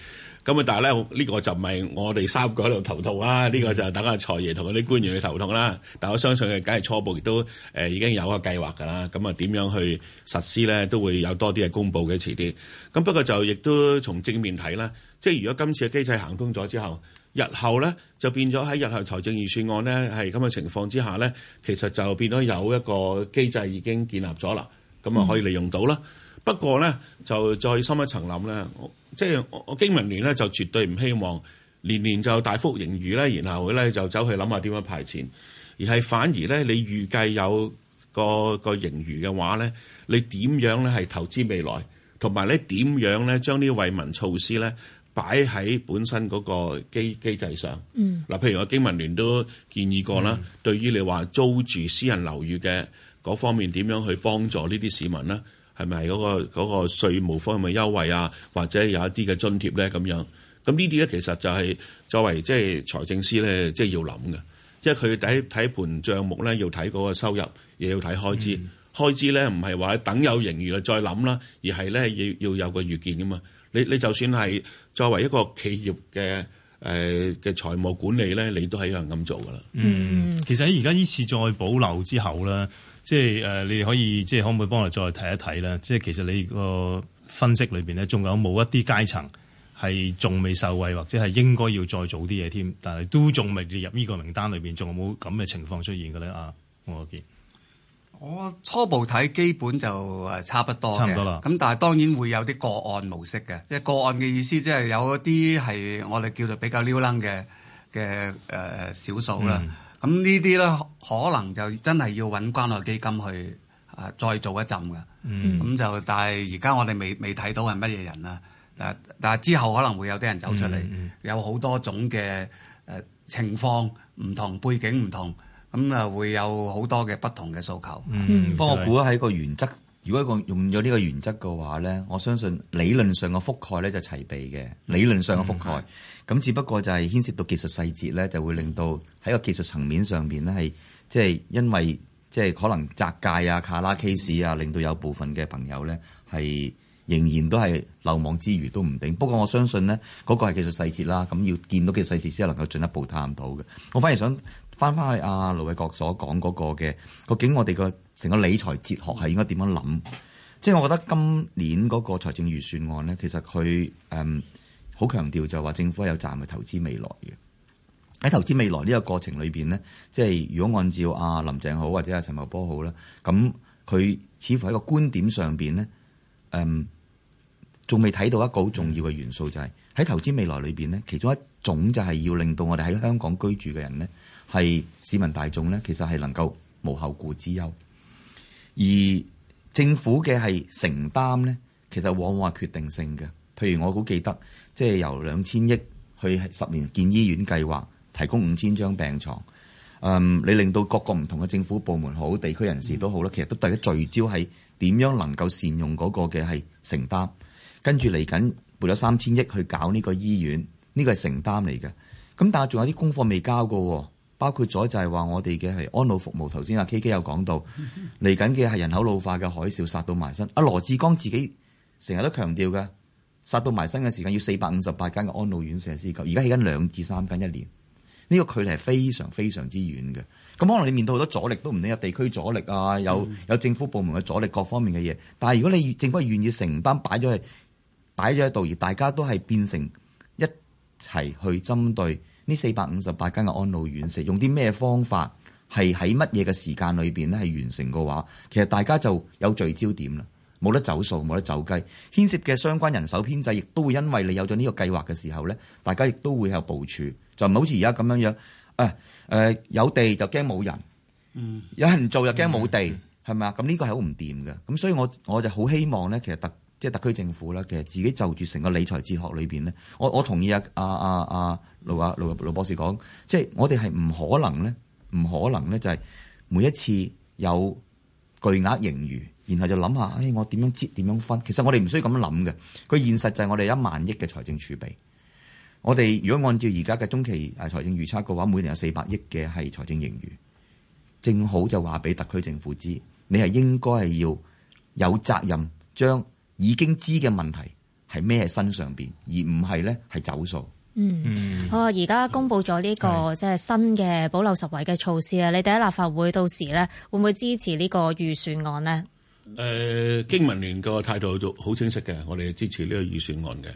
咁啊！但係咧，呢、這個就唔係我哋三個喺度頭痛啦。呢、這個就等阿財爺同嗰啲官員去頭痛啦。但我相信佢梗係初步亦都誒、呃、已經有個計劃㗎啦。咁啊，點樣去實施咧，都會有多啲嘅公佈嘅，遲啲。咁不過就亦都從正面睇啦，即係如果今次嘅機制行通咗之後，日後咧就變咗喺日後財政預算案咧係咁嘅情況之下咧，其實就變咗有一個機制已經建立咗啦，咁啊可以利用到啦。嗯、不過咧就再深一層諗咧。即係我經民聯咧，就絕對唔希望年年就大幅盈餘咧，然後咧就走去諗下點樣派錢，而係反而咧，你預計有個個盈餘嘅話咧，你點樣咧係投資未來，同埋咧點樣咧將啲惠民措施咧擺喺本身嗰個機機制上。嗱、嗯，譬如我經民聯都建議過啦，嗯、對於你話租住私人樓宇嘅嗰方面，點樣去幫助呢啲市民咧？係咪嗰個嗰個稅務方面嘅優惠啊，或者有一啲嘅津貼咧咁樣？咁呢啲咧其實就係作為即係財政司咧，即係要諗嘅，因為佢第一睇盤帳目咧，要睇嗰個收入，也要睇開支。嗯，開支咧唔係話等有盈餘再諗啦，而係咧要要有個預見噶嘛。你你就算係作為一個企業嘅誒嘅財務管理咧，你都係一樣咁做㗎啦。嗯，嗯其實喺而家呢次再保留之後咧。即係誒、呃，你可以即係可唔可以幫我再睇一睇咧？即係其實你個分析裏邊咧，仲有冇一啲階層係仲未受惠，或者係應該要再做啲嘢添？但係都仲未入呢個名單裏邊，仲有冇咁嘅情況出現嘅咧？啊，我見我初步睇基本就誒差不多，差唔多啦。咁但係當然會有啲個案模式嘅，即係個案嘅意思，即係有一啲係我哋叫做比較撩冷嘅嘅誒少數啦。咁呢啲咧，可能就真係要揾關愛基金去啊，再做一陣嘅。咁就、嗯，但係而家我哋未未睇到係乜嘢人啊，但但係之後可能會有啲人走出嚟，嗯嗯、有好多種嘅誒情況，唔同背景唔同，咁啊會有好多嘅不同嘅訴求。不過、嗯、我估係一個原則。如果個用咗呢個原則嘅話咧，我相信理論上嘅覆蓋咧就齊備嘅，理論上嘅覆蓋。咁、嗯、只不過就係牽涉到技術細節咧，就會令到喺個技術層面上邊咧係即係因為即係、就是、可能窄界啊、卡拉 case 啊，令到有部分嘅朋友咧係，仍然都係漏網之魚都唔定，不過我相信呢嗰、那個係技術細節啦，咁要見到嘅細節先能夠進一步探討嘅。我反而想翻翻去阿盧偉國所講嗰、那個嘅，究竟我哋個成個理財哲學係應該點樣諗？即係我覺得今年嗰個財政預算案呢，其實佢誒好強調就係話政府有責任去投資未來嘅。喺投資未來呢個過程裏邊呢，即係如果按照阿、啊、林鄭好或者阿陳茂波好啦，咁佢似乎喺個觀點上邊呢。誒、嗯。仲未睇到一個好重要嘅元素，就係喺投資未來裏邊咧，其中一種就係要令到我哋喺香港居住嘅人咧，係市民大眾咧，其實係能夠無後顧之憂。而政府嘅係承擔咧，其實往往係決定性嘅。譬如我好記得，即係由兩千億去十年建醫院計劃，提供五千張病床。嗯，你令到各個唔同嘅政府部門好，地區人士都好啦，其實都大家聚焦喺點樣能夠善用嗰個嘅係承擔。跟住嚟緊撥咗三千億去搞呢個醫院，呢、呢個係承擔嚟嘅。咁但係仲有啲功課未交過喎，包括咗就係話我哋嘅係安老服務。頭先阿 K K 有講到嚟緊嘅係人口老化嘅海嘯殺到埋身。阿、啊、羅志剛自己成日都強調嘅，殺到埋身嘅時間要四百五十八間嘅安老院設施。構，而家起緊兩至三間一年，呢、呢個距離係非常非常之遠嘅。咁可能你面對好多阻力，都唔定有地區阻力啊，有、嗯、有政府部門嘅阻力，各方面嘅嘢。但係如果你政府願意承擔，擺咗去。擺咗喺度，而大家都係變成一齊去針對呢四百五十八間嘅安老院舍，用啲咩方法係喺乜嘢嘅時間裏邊咧係完成嘅話，其實大家就有聚焦點啦，冇得走數，冇得走雞，牽涉嘅相關人手編制亦都會因為你有咗呢個計劃嘅時候咧，大家亦都會有部署，就唔係好似而家咁樣樣啊誒有地就驚冇人，嗯，有人做就驚冇地，係咪啊？咁呢個係好唔掂嘅，咁所以我我就好希望咧，其實特。即係特區政府啦，其實自己就住成個理財哲學裏邊咧，我我同意啊啊啊啊盧啊盧 Paul，盧博士講，即係我哋係唔可能咧，唔可能咧就係每一次有巨額盈餘，然後就諗下，唉、哎、我點樣擠，點樣分？其實我哋唔需要咁樣諗嘅，佢現實就係我哋一萬億嘅財政儲備。我哋如果按照而家嘅中期誒財政預測嘅話，每年有四百億嘅係財政盈餘，正好就話俾特區政府知，你係應該係要有責任將。已經知嘅問題係咩？喺身上邊，而唔係咧係走數。嗯，我而家公布咗呢個即係新嘅保留十位嘅措施啊！的你哋喺立法會到時咧會唔會支持呢個預算案呢？誒、呃，經民聯個態度就好清晰嘅，我哋支持呢個預算案嘅。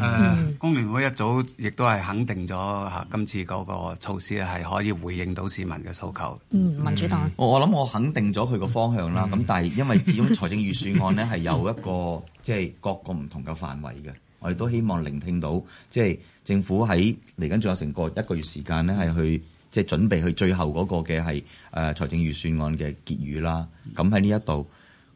誒，工聯、uh，會一早亦都係肯定咗吓、啊，今次嗰個措施係可以回應到市民嘅訴求。嗯，民主黨、嗯，我諗我肯定咗佢個方向啦。咁、嗯、但係因為始終財政預算案咧係有一個即係 各個唔同嘅範圍嘅，我哋都希望聆聽到，即、就、係、是、政府喺嚟緊仲有成個一個月時間咧係去即係、就是、準備去最後嗰個嘅係誒財政預算案嘅結語啦。咁喺呢一度，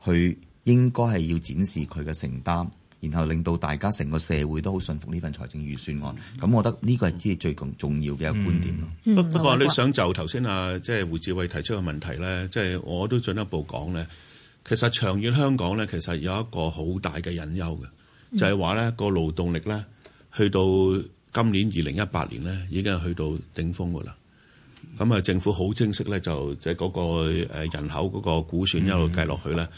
佢應該係要展示佢嘅承擔。然後令到大家成個社會都好信服呢份財政預算案，咁、嗯、我覺得呢個係即係最重要嘅一個觀點咯、嗯。不不過、嗯、你想就頭先啊，即、就、係、是、胡志偉提出嘅問題咧，即、就、係、是、我都進一步講咧，其實長遠香港咧，其實有一個好大嘅隱憂嘅，就係話咧個勞動力咧，去到今年二零一八年咧，已經係去到頂峰㗎啦。咁啊，政府好清晰咧，就喺、是、嗰個誒人口嗰個估算一路計落去咧，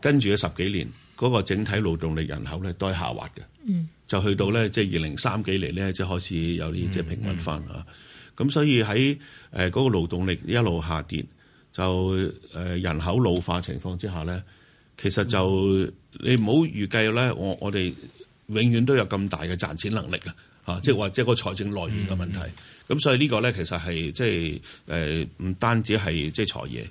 跟住嘅十幾年。嗰個整體勞動力人口咧都係下滑嘅，嗯、就去到咧即係二零三幾年咧，即係開始有啲即係平穩翻嚇。咁、嗯嗯、所以喺誒嗰個勞動力一路下跌，就誒人口老化情況之下咧，其實就你唔好預計咧，我我哋永遠都有咁大嘅賺錢能力、嗯嗯、啊嚇，即係話即係個財政來源嘅問題。咁、嗯嗯、所以呢個咧其實係即係誒唔單止係即係財爺。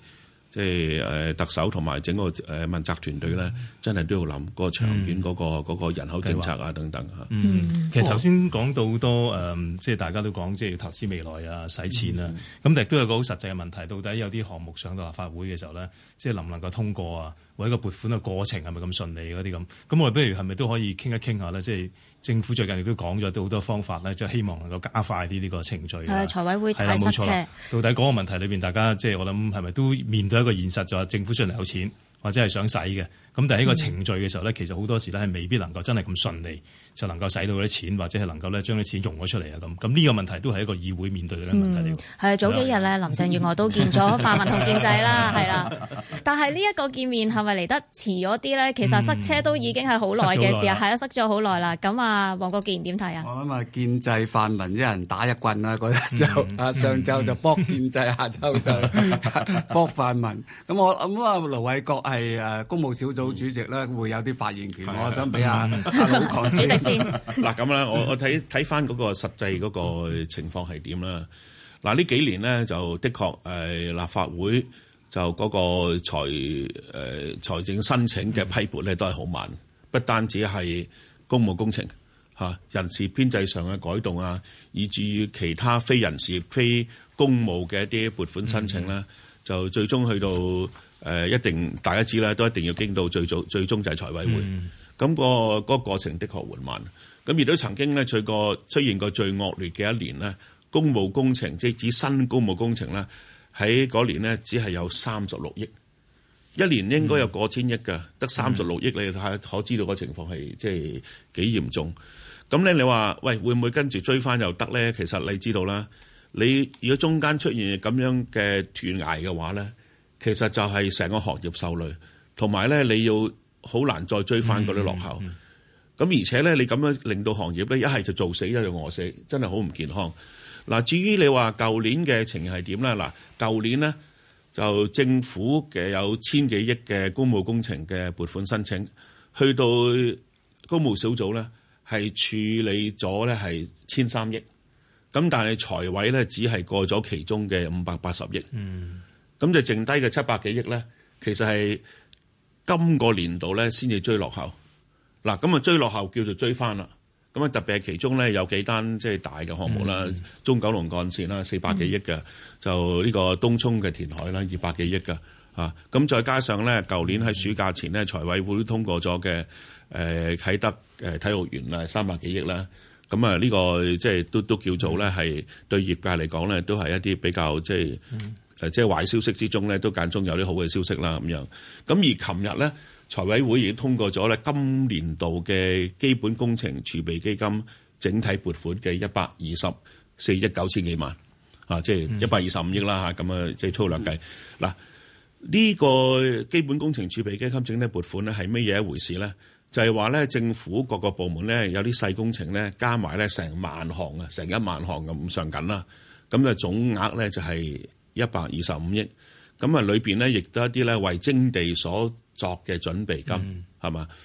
即係誒特首同埋整個誒問責團隊咧，嗯、真係都要諗嗰個長遠嗰個人口政策啊等等嚇。嗯，其實頭先講到好多誒，即係大家都講即係要投資未來啊、使錢啊，咁、嗯、但亦都有個好實際嘅問題，到底有啲項目上到立法會嘅時候咧，即係能唔能夠通過啊？或者個撥款嘅過程係咪咁順利嗰啲咁？咁我哋不如係咪都可以傾一傾下咧？即係政府最近亦都講咗都好多方法咧，即係希望能夠加快啲呢個程序。係，財委會，係冇錯，到底嗰個問題裏邊，大家即係我諗係咪都面對一個現實，就係政府雖然有錢或者係想使嘅。咁但呢個程序嘅時候咧，其實好多時咧係未必能夠真係咁順利，就能夠使到啲錢，或者係能夠咧將啲錢用咗出嚟啊！咁咁呢個問題都係一個議會面對嘅問題嚟。係、嗯、早幾日咧，的林鄭月娥都見咗泛民同建制啦，係啦。 但係呢一個見面係咪嚟得遲咗啲咧？其實塞車都已經係好耐嘅時候，係、嗯、啊，塞咗好耐啦。咁啊，黃國健點睇啊？我諗啊，建制泛民一人打一棍啊！嗰日就啊，嗯嗯、上晝就卜建制，下晝就卜 泛民。咁我咁啊，盧偉國係誒公務小組。副主席咧會有啲發言權，的我想俾下 主席先。嗱咁啦，我我睇睇翻嗰個實際嗰個情況係點啦。嗱呢幾年咧就的確誒、呃、立法會就嗰個財誒、呃、財政申請嘅批撥咧都係好慢，不單止係公務工程嚇人事編制上嘅改動啊，以至於其他非人事非公務嘅一啲撥款申請咧，嗯、就最終去到。誒、呃、一定，大家知啦，都一定要經到最早最終就係財委會。咁、嗯那個嗰、那個過程的確緩慢。咁而都曾經咧，出過出現過最惡劣嘅一年咧，公務工程即係指新公務工程啦，喺嗰年咧只係有三十六億，嗯、一年應該有過千億㗎，得三十六億，嗯、你睇下，可知道個情況係即係幾嚴重。咁咧，你話喂會唔會跟住追翻又得咧？其實你知道啦，你如果中間出現咁樣嘅斷崖嘅話咧。其實就係成個行業受累，同埋咧你要好難再追翻嗰啲落後。咁、嗯嗯嗯、而且咧，你咁樣令到行業咧一係就做死，一就餓死，真係好唔健康。嗱、啊，至於你話舊年嘅情形係點咧？嗱、啊，舊年咧就政府嘅有千幾億嘅工務工程嘅撥款申請，去到工務小組咧係處理咗咧係千三億，咁但係財委咧只係過咗其中嘅五百八十億。嗯咁就剩低嘅七百幾億咧，其實係今個年度咧先至追落後。嗱，咁啊追落後叫做追翻啦。咁啊特別係其中咧有幾單即係大嘅項目啦，嗯、中九龍幹線啦四百幾億嘅，嗯、就呢個東涌嘅填海啦二百幾億嘅啊。咁再加上咧，舊年喺暑假前咧、嗯、財委會都通過咗嘅誒啟德誒體育園啊三百幾億啦。咁啊呢個即係都都叫做咧係對業界嚟講咧都係一啲比較即係。就是嗯誒，即係壞消息之中咧，都間中有啲好嘅消息啦，咁樣。咁而琴日咧，財委會已經通過咗咧，今年度嘅基本工程儲備基金整體撥款嘅一百二十四億九千幾萬啊，即係一百二十五億啦嚇，咁啊，即係粗略計。嗱、嗯，呢、這個基本工程儲備基金整體撥款咧係乜嘢一回事咧？就係話咧，政府各個部門咧有啲細工程咧，加埋咧成萬項啊，成一萬項咁上緊啦。咁啊總額咧就係、是。一百二十五億，咁啊裏邊咧亦都一啲咧為徵地所作嘅準備金，係嘛、嗯？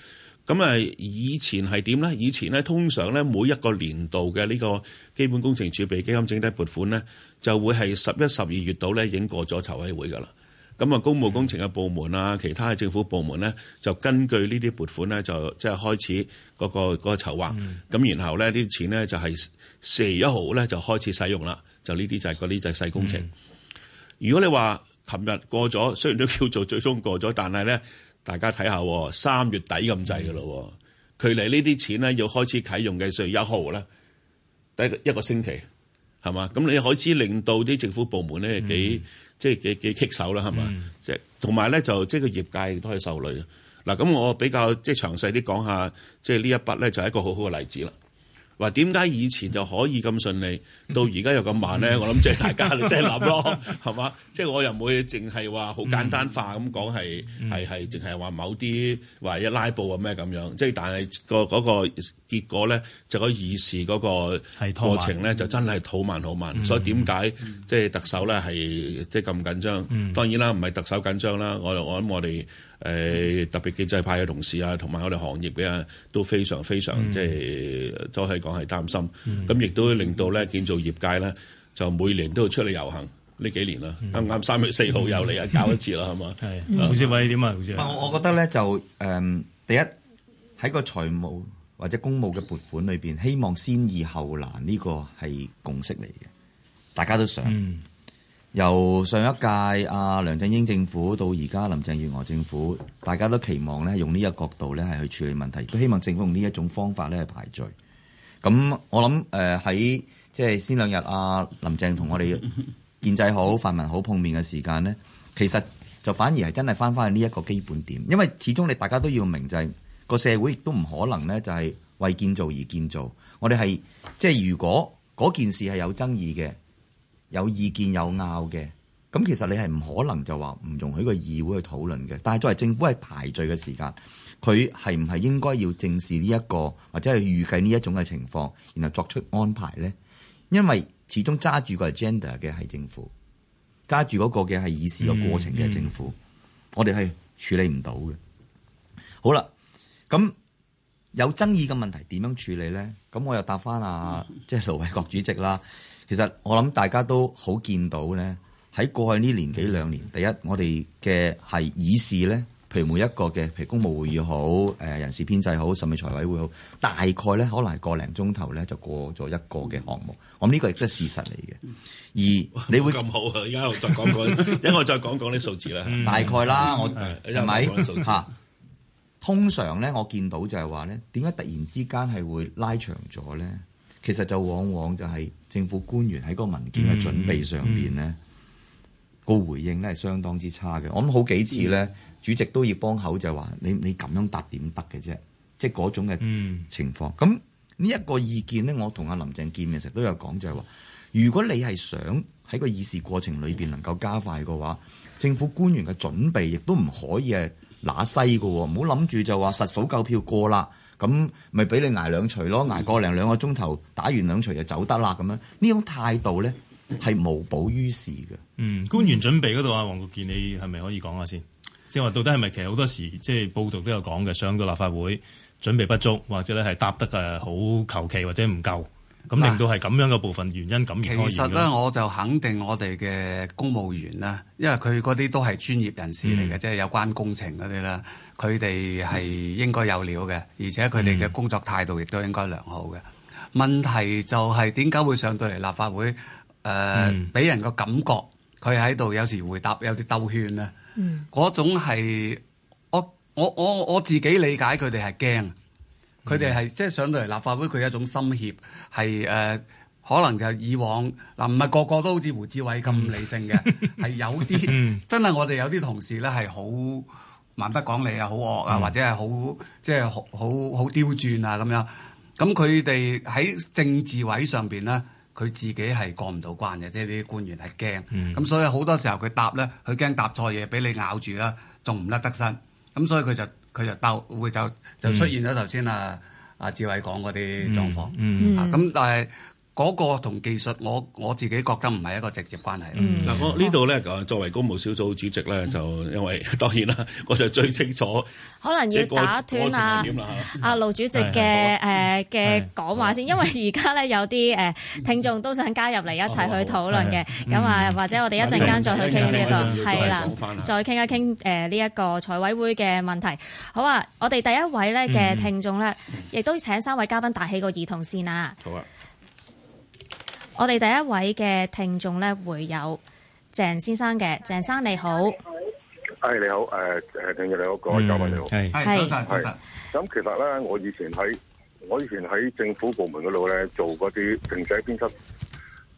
咁啊以前係點咧？以前咧通常咧每一個年度嘅呢個基本工程儲備基金整體撥款咧，就會係十一、十二月度咧已經過咗籌委會噶啦。咁啊公務工程嘅部門啊，嗯、其他嘅政府部門咧，就根據呢啲撥款咧，就即係開始嗰、嗰個嗰、嗰個籌劃。咁、嗯、然後咧呢啲錢咧就係四月一號咧就開始使用啦。就呢啲就係嗰啲就係細工程。嗯如果你話琴日過咗，雖然都叫做最終過咗，但係咧，大家睇下，三、哦、月底咁滯嘅咯，距離呢啲錢咧要開始啟用嘅，四月一號咧，第一個星期，係嘛？咁你開始令到啲政府部門咧幾即係、嗯、幾幾，幾棘手啦，係嘛？即係同埋咧就即係個業界都係受累。嗱，咁我比較即係詳細啲講下，即係呢一筆咧就係一個好好嘅例子啦。話點解以前就可以咁順利，到而家又咁慢咧？ 我諗即係大家即係諗咯，係嘛？ 即、就、係、係、我又唔會淨係話好簡單化咁講，係係係淨係話某啲話一拉布啊咩咁樣。即係但係個嗰個結果咧，就嗰、係、議事嗰個過程咧，就真係好慢好慢。慢，所以點解即係特首咧係即係咁緊張？嗯、當然啦，唔係特首緊張啦，我我諗我哋。誒特別建制派嘅同事啊，同埋我哋行業嘅都非常非常即係、嗯、都係講係擔心，咁亦、嗯、都令到咧建造業界咧就每年都要出嚟遊行，呢幾年啦，啱啱三月四號又嚟啊，剛剛嗯、搞一次啦，係嘛？胡志偉，你點啊？胡志偉，我我覺得咧就誒、呃、第一喺個財務或者公務嘅撥款裏邊，希望先易後難呢個係共識嚟嘅，大家都想、嗯。由上一屆阿梁振英政府到而家林鄭月娥政府，大家都期望咧用呢一個角度咧係去處理問題，都希望政府用呢一種方法咧去排罪。咁我諗誒喺即係先兩日阿林鄭同我哋建制好泛民好碰面嘅時間咧，其實就反而係真係翻返去呢一個基本點，因為始終你大家都要明就係、是、個社會亦都唔可能咧就係為建造而建造。我哋係即係如果嗰件事係有爭議嘅。有意見有拗嘅，咁其實你係唔可能就話唔容許個議會去討論嘅。但係作為政府係排序嘅時間，佢係唔係應該要正視呢、這、一個，或者係預計呢一種嘅情況，然後作出安排咧？因為始終揸住個係 agenda 嘅係政府，揸住嗰個嘅係議事個過程嘅政府，嗯嗯、我哋係處理唔到嘅。好啦，咁有爭議嘅問題點樣處理咧？咁我又答翻阿即係盧偉國主席啦。其實我諗大家都好見到咧，喺過去呢年幾兩年，第一我哋嘅係議事咧，譬如每一個嘅，譬如公務會議好，誒、呃、人事編制好，甚至財委會好，大概咧可能係個零鐘頭咧就過咗一個嘅項目。我諗呢個亦都係事實嚟嘅。而你會咁好啊？而家我再講講，一 我再講講啲數字啦。嗯、大概啦，我係咪啊？通常咧，我見到就係話咧，點解突然之間係會拉長咗咧？其實就往往就係政府官員喺嗰個文件嘅準備上邊咧，個、嗯嗯、回應咧係相當之差嘅。我諗好幾次咧，嗯、主席都要幫口就係話：你你咁樣答點得嘅啫？即係嗰種嘅情況。咁呢一個意見咧，我同阿林鄭見嘅時候都有講，就係話：如果你係想喺個議事過程裏邊能夠加快嘅話，政府官員嘅準備亦都唔可以係揦西㗎喎、哦。唔好諗住就話實數夠票過啦。咁咪俾你挨兩鎚咯，挨個零兩個鐘頭打完兩鎚就走得啦咁樣。呢種態度咧係無補於事嘅。嗯，官員準備嗰度啊，黃國健，你係咪可以講下先？即係話到底係咪其實好多時即係報道都有講嘅，上到立法會準備不足，或者咧係答得誒好求其或者唔夠，咁令到係咁樣嘅部分原因。咁其實咧，我就肯定我哋嘅公務員啦，因為佢嗰啲都係專業人士嚟嘅，即係有關工程嗰啲啦。佢哋係應該有料嘅，而且佢哋嘅工作態度亦都應該良好嘅。嗯、問題就係點解會上到嚟立法會？誒、呃，俾、嗯、人個感覺，佢喺度有時回答有啲兜圈咧。嗰、嗯、種係我我我我自己理解佢哋係驚，佢哋係即係上到嚟立法會，佢有一種心怯，係誒、呃、可能就以往嗱，唔、呃、係個個都好似胡志偉咁理性嘅，係、嗯、有啲、 嗯、真係我哋有啲同事咧係好。蠻不講理，嗯、就是，啊，好惡啊，或者係好即係好好好刁鑽啊咁樣。咁佢哋喺政治位上邊咧，佢自己係過唔到關嘅，即係啲官員係驚。咁、嗯、所以好多時候佢答咧，佢驚答錯嘢俾你咬住啦，仲唔甩得身。咁所以佢就佢就鬥會就就出現咗頭先啊阿志偉講嗰啲狀況。咁、嗯嗯啊、但係。嗰個同技術，我我自己覺得唔係一個直接關係。嗱，我呢度咧，作為公務小組主席咧，就因為當然啦，我就最清楚，可能要打斷啊，阿盧主席嘅誒嘅講話先，因為而家咧有啲誒聽眾都想加入嚟一齊去討論嘅咁啊，或者我哋一陣間再去傾呢一個係啦，再傾一傾誒呢一個財委會嘅問題。好啊，我哋第一位咧嘅聽眾咧，亦都請三位嘉賓戴起個耳筒先啊。好啊。我哋第一位嘅聽眾咧會有鄭先生嘅，鄭生你好。哎你好，誒誒，你好，各位嘉賓你好，係多謝。係咁，其實咧，我以前喺我以前喺政府部門嗰度咧做嗰啲定仔編輯。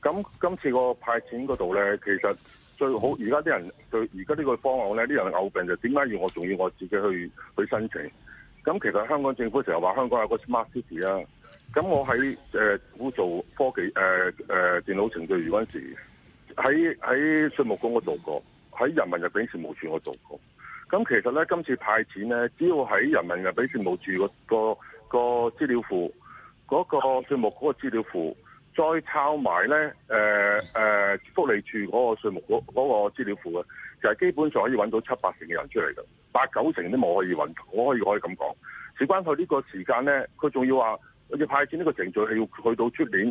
咁今次個派錢嗰度咧，其實最好而家啲人對而家呢個方案咧，啲人偶病就點解要我仲要我自己去去申請？咁其實香港政府成日話香港有個 smart city 啊。咁我喺誒、呃、做科技誒誒、呃呃、電腦程序員嗰陣時，喺喺稅務局嗰度過，喺人民入境事務處我做過。咁其實咧，今次派錢咧，只要喺人民入境事務處個個個資料庫嗰、那個稅務局個資料庫，再抄埋咧誒誒福利處嗰個稅務局嗰、那個資料庫嘅，就係、是、基本上可以揾到七八成嘅人出嚟㗎，八九成都冇可以揾，我可以我可以咁講。事關佢呢個時間咧，佢仲要話。我要派錢呢個程序係要去到出年，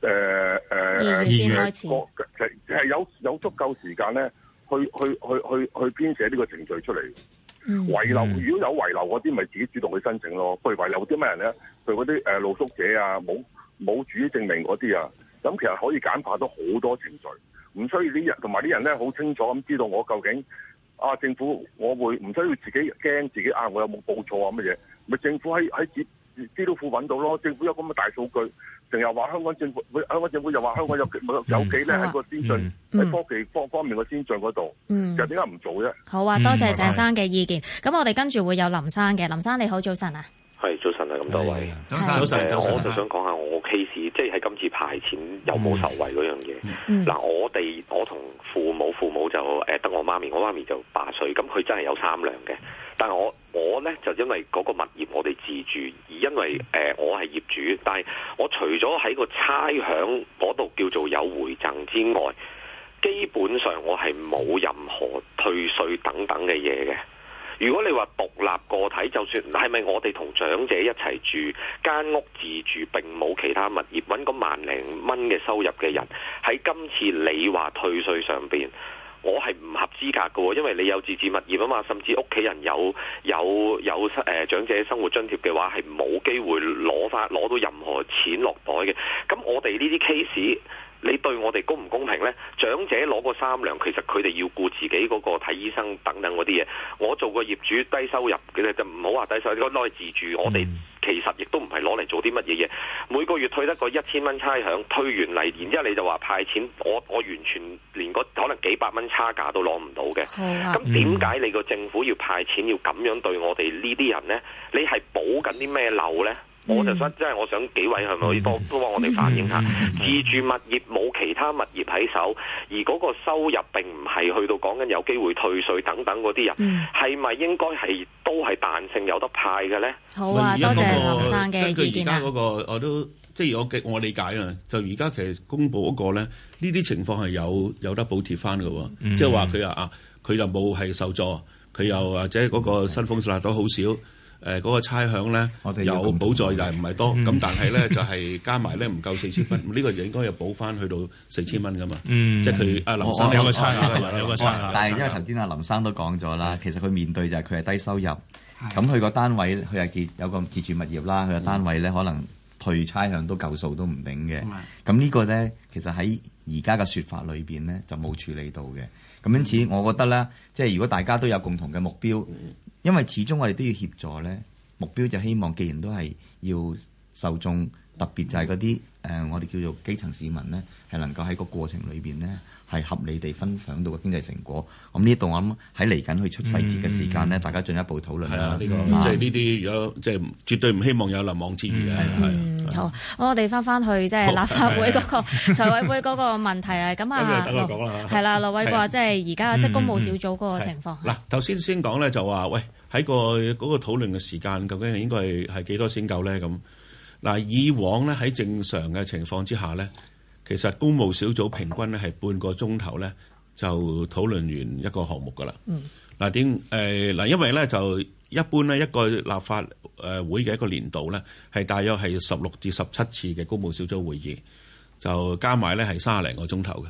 誒誒二月先開始，係、呃、有有足夠時間咧去去去去去編寫呢個程序出嚟。遺、嗯、留如果有遺留嗰啲，咪自己主動去申請咯。譬如話有啲咩人咧，譬如嗰啲誒露宿者啊，冇冇住者證明嗰啲啊，咁、嗯、其實可以簡化咗好多程序，唔需要啲人，同埋啲人咧好清楚咁知道我究竟啊政府我會唔需要自己驚自己啊我有冇報錯啊乜嘢咪政府喺喺。啲都富揾到咯，政府有咁嘅大數據，成日話香港政府，香港政府又話香港有有幾咧喺個先進喺科技方方面嘅先進嗰度，其實點解唔做啫？好啊，多謝鄭生嘅意見。咁我哋跟住會有林生嘅。林生你好，早晨啊，係，早晨啊，咁多位早晨，早晨，我就想講下我 case，即係喺今次派錢有冇受惠嗰樣嘢。嗱，我哋我同父母父母就誒得我媽咪，我媽咪就八歲，咁佢真係有三糧嘅。但係我我咧就因為嗰個物業我哋自住，而因為誒、呃、我係業主，但係我除咗喺個差餉嗰度叫做有回贈之外，基本上我係冇任何退稅等等嘅嘢嘅。如果你話獨立個體，就算，係咪我哋同長者一齊住間屋自住並冇其他物業揾個萬零蚊嘅收入嘅人，喺今次你話退稅上邊。我係唔合資格嘅，因為你有自置物業啊嘛，甚至屋企人有有有誒長者生活津貼嘅話，係冇機會攞翻攞到任何錢落袋嘅。咁我哋呢啲 case，你對我哋公唔公平呢？長者攞個三糧，其實佢哋要顧自己嗰個睇醫生等等嗰啲嘢。我做個業主，低收入嘅就唔好話低收入，都係自住我哋。嗯其實亦都唔係攞嚟做啲乜嘢嘢，每個月退得個一千蚊差餉，退完嚟，然之後你就話派錢，我我完全連嗰可能幾百蚊差價都攞唔到嘅。咁點解你個政府要派錢要咁樣對我哋呢啲人呢？你係補緊啲咩漏呢？Mm. 我就想，即係我想幾位係咪可以幫幫、mm. 我哋反映下？自、mm. 住物業冇其他物業喺手，而嗰個收入並唔係去到講緊有機會退稅等等嗰啲人，係咪、mm. 應該係都係彈性有得派嘅咧？好啊，多謝、那個、林生嘅意見啊！根據而家嗰個，我都即係我我理解啊，就而家其實公布嗰個咧，呢啲情況係有有得補貼翻嘅喎，即係話佢啊啊，佢就冇係受助，佢又或者嗰個薪俸稅都好少。誒嗰個差餉咧，我哋有補助就又唔係多，咁但係咧就係加埋咧唔夠四千蚊，呢個就應該要補翻去到四千蚊噶嘛。嗯，即係佢阿林生有個差，有個差。但係因為頭先阿林生都講咗啦，其實佢面對就係佢係低收入，咁佢個單位佢又結有個自住物業啦，佢個單位咧可能退差餉都夠數都唔定嘅。咁呢個咧其實喺而家嘅説法裏邊咧就冇處理到嘅。咁因此我覺得咧，即係如果大家都有共同嘅目標。因為始終我哋都要協助呢目標就希望，既然都係要受眾，特別就係嗰啲呃，我哋叫做基層市民呢，係能夠喺個過程裏面呢。係合理地分享到個經濟成果，咁呢度我諗喺嚟緊去出細節嘅時間呢，大家進一步討論下係啊，呢個即係呢啲，如果即係絕對唔希望有流亡之餘嘅。係好，我哋翻返去即係立法會嗰個財委會嗰個問題啊。咁啊，係啦，盧偉國啊，即係而家即係公務小組嗰個情況。嗱，頭先先講咧就話，喂，喺個嗰個討論嘅時間，究竟係應該係係幾多先夠咧？咁嗱，以往咧喺正常嘅情況之下咧。其實公務小組平均咧係半個鐘頭咧就討論完一個項目噶啦。嗯，嗱點誒嗱，因為咧就一般咧一個立法誒會嘅一個年度咧係大約係十六至十七次嘅公務小組會議，就加埋咧係卅零個鐘頭嘅。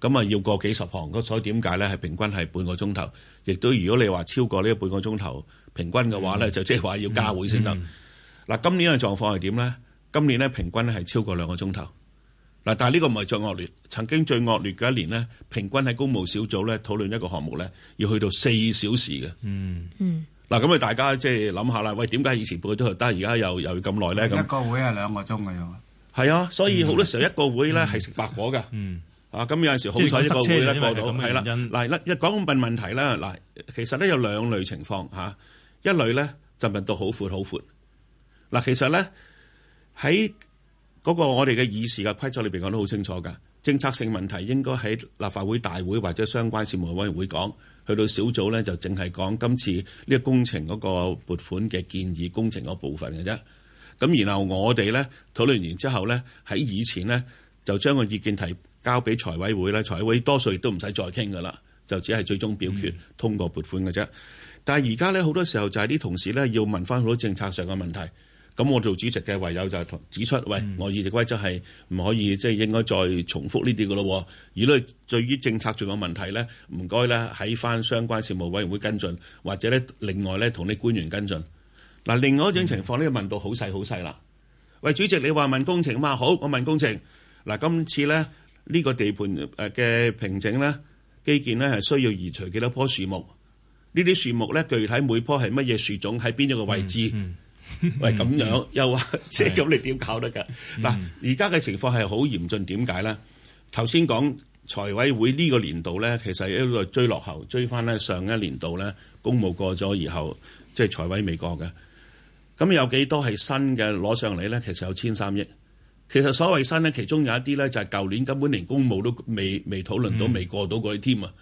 咁啊要過幾十項，所以點解咧係平均係半個鐘頭？亦都如果你話超過呢半個鐘頭平均嘅話咧，嗯、就即係話要加會先得。嗱、嗯嗯，今年嘅狀況係點咧？今年咧平均咧係超過兩個鐘頭。嗱，但係呢個唔係最惡劣，曾經最惡劣嘅一年咧，平均喺公務小組咧討論一個項目咧，要去到四小時嘅。嗯嗯。嗱，咁啊，大家即係諗下啦，喂，點解以前過咗，但係而家又又咁耐咧？一個會係兩個鐘嘅又。係啊，所以好多時候一個會咧係食白果嘅。嗯。啊，咁有陣時好彩一個會咧過到，係啦。嗱，一講咁多問題咧，嗱，其實咧有兩類情況吓，一類咧就問到好闊好闊。嗱，其實咧喺。嗰個我哋嘅議事嘅規則裏邊講得好清楚㗎，政策性問題應該喺立法會大會或者相關事務委員會講，去到小組咧就淨係講今次呢個工程嗰個撥款嘅建議工程嗰部分嘅啫。咁然後我哋咧討論完之後咧，喺以前咧就將個意見提交俾財委會啦，財委會多數都唔使再傾㗎啦，就只係最終表決通過撥款嘅啫。但係而家咧好多時候就係啲同事咧要問翻好多政策上嘅問題。咁我做主席嘅，唯有就係指出，喂，嗯、我議席規則係唔可以，即係應該再重複呢啲嘅咯。而咧，對於政策上嘅問題咧，唔該咧，喺翻相關事務委員會跟進，或者咧，另外咧，同啲官員跟進。嗱，另外一種情況咧，嗯、問到好細好細啦。喂，主席，你話問工程嘛？好，我問工程。嗱，今次咧，呢個地盤誒嘅平整咧，基建咧，係需要移除幾多棵樹木？呢啲樹木咧，具體每棵係乜嘢樹種，喺邊一個位置？嗯嗯 喂，咁樣又話即係咁， 你點搞得噶嗱？而家嘅情況係好嚴峻，點解咧？頭先講財委會呢個年度咧，其實一路追落後追翻咧上一年度咧公務過咗，以後即係財委未過嘅。咁有幾多係新嘅攞上嚟咧？其實有千三億。其實所謂新咧，其中有一啲咧就係舊年根本連公務都未未討論到，未過到嗰啲添啊。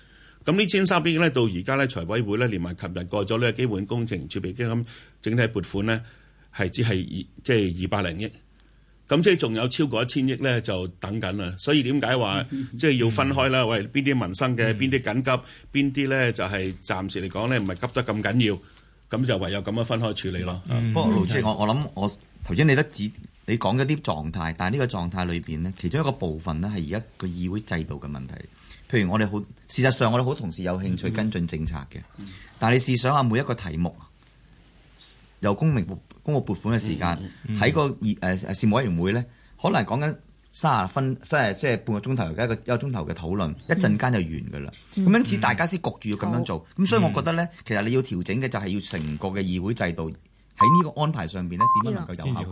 咁呢千三百億咧，到而家咧財委會咧，連埋近日過咗呢咧基本工程儲備基金整體撥款咧，係只係即係二百零億。咁即係仲有超過一千億咧，就等緊啦。所以點解話即係要分開咧？喂，邊啲民生嘅，邊啲緊急，邊啲咧就係、是、暫時嚟講咧唔係急得咁緊要，咁就唯有咁樣分開處理咯。嗯、的不過盧 c h 我我諗我頭先你都指你講咗啲狀態，但係呢個狀態裏邊呢，其中一個部分呢，係而家個議會制度嘅問題。譬如我哋好，事實上我哋好，同事有興趣跟進政策嘅。嗯、但係你試想下每一個題目，由公明公屋撥款嘅時間，喺、嗯嗯、個議誒誒、呃、事務委員會咧，可能講緊卅啊分，即係即係半個鐘頭而家一個一個鐘頭嘅討論一陣間就完噶啦。咁因此大家先焗住要咁樣做，咁好所以我覺得咧，嗯、其實你要調整嘅就係要成個嘅議會制度喺呢個安排上邊咧點樣能夠有效。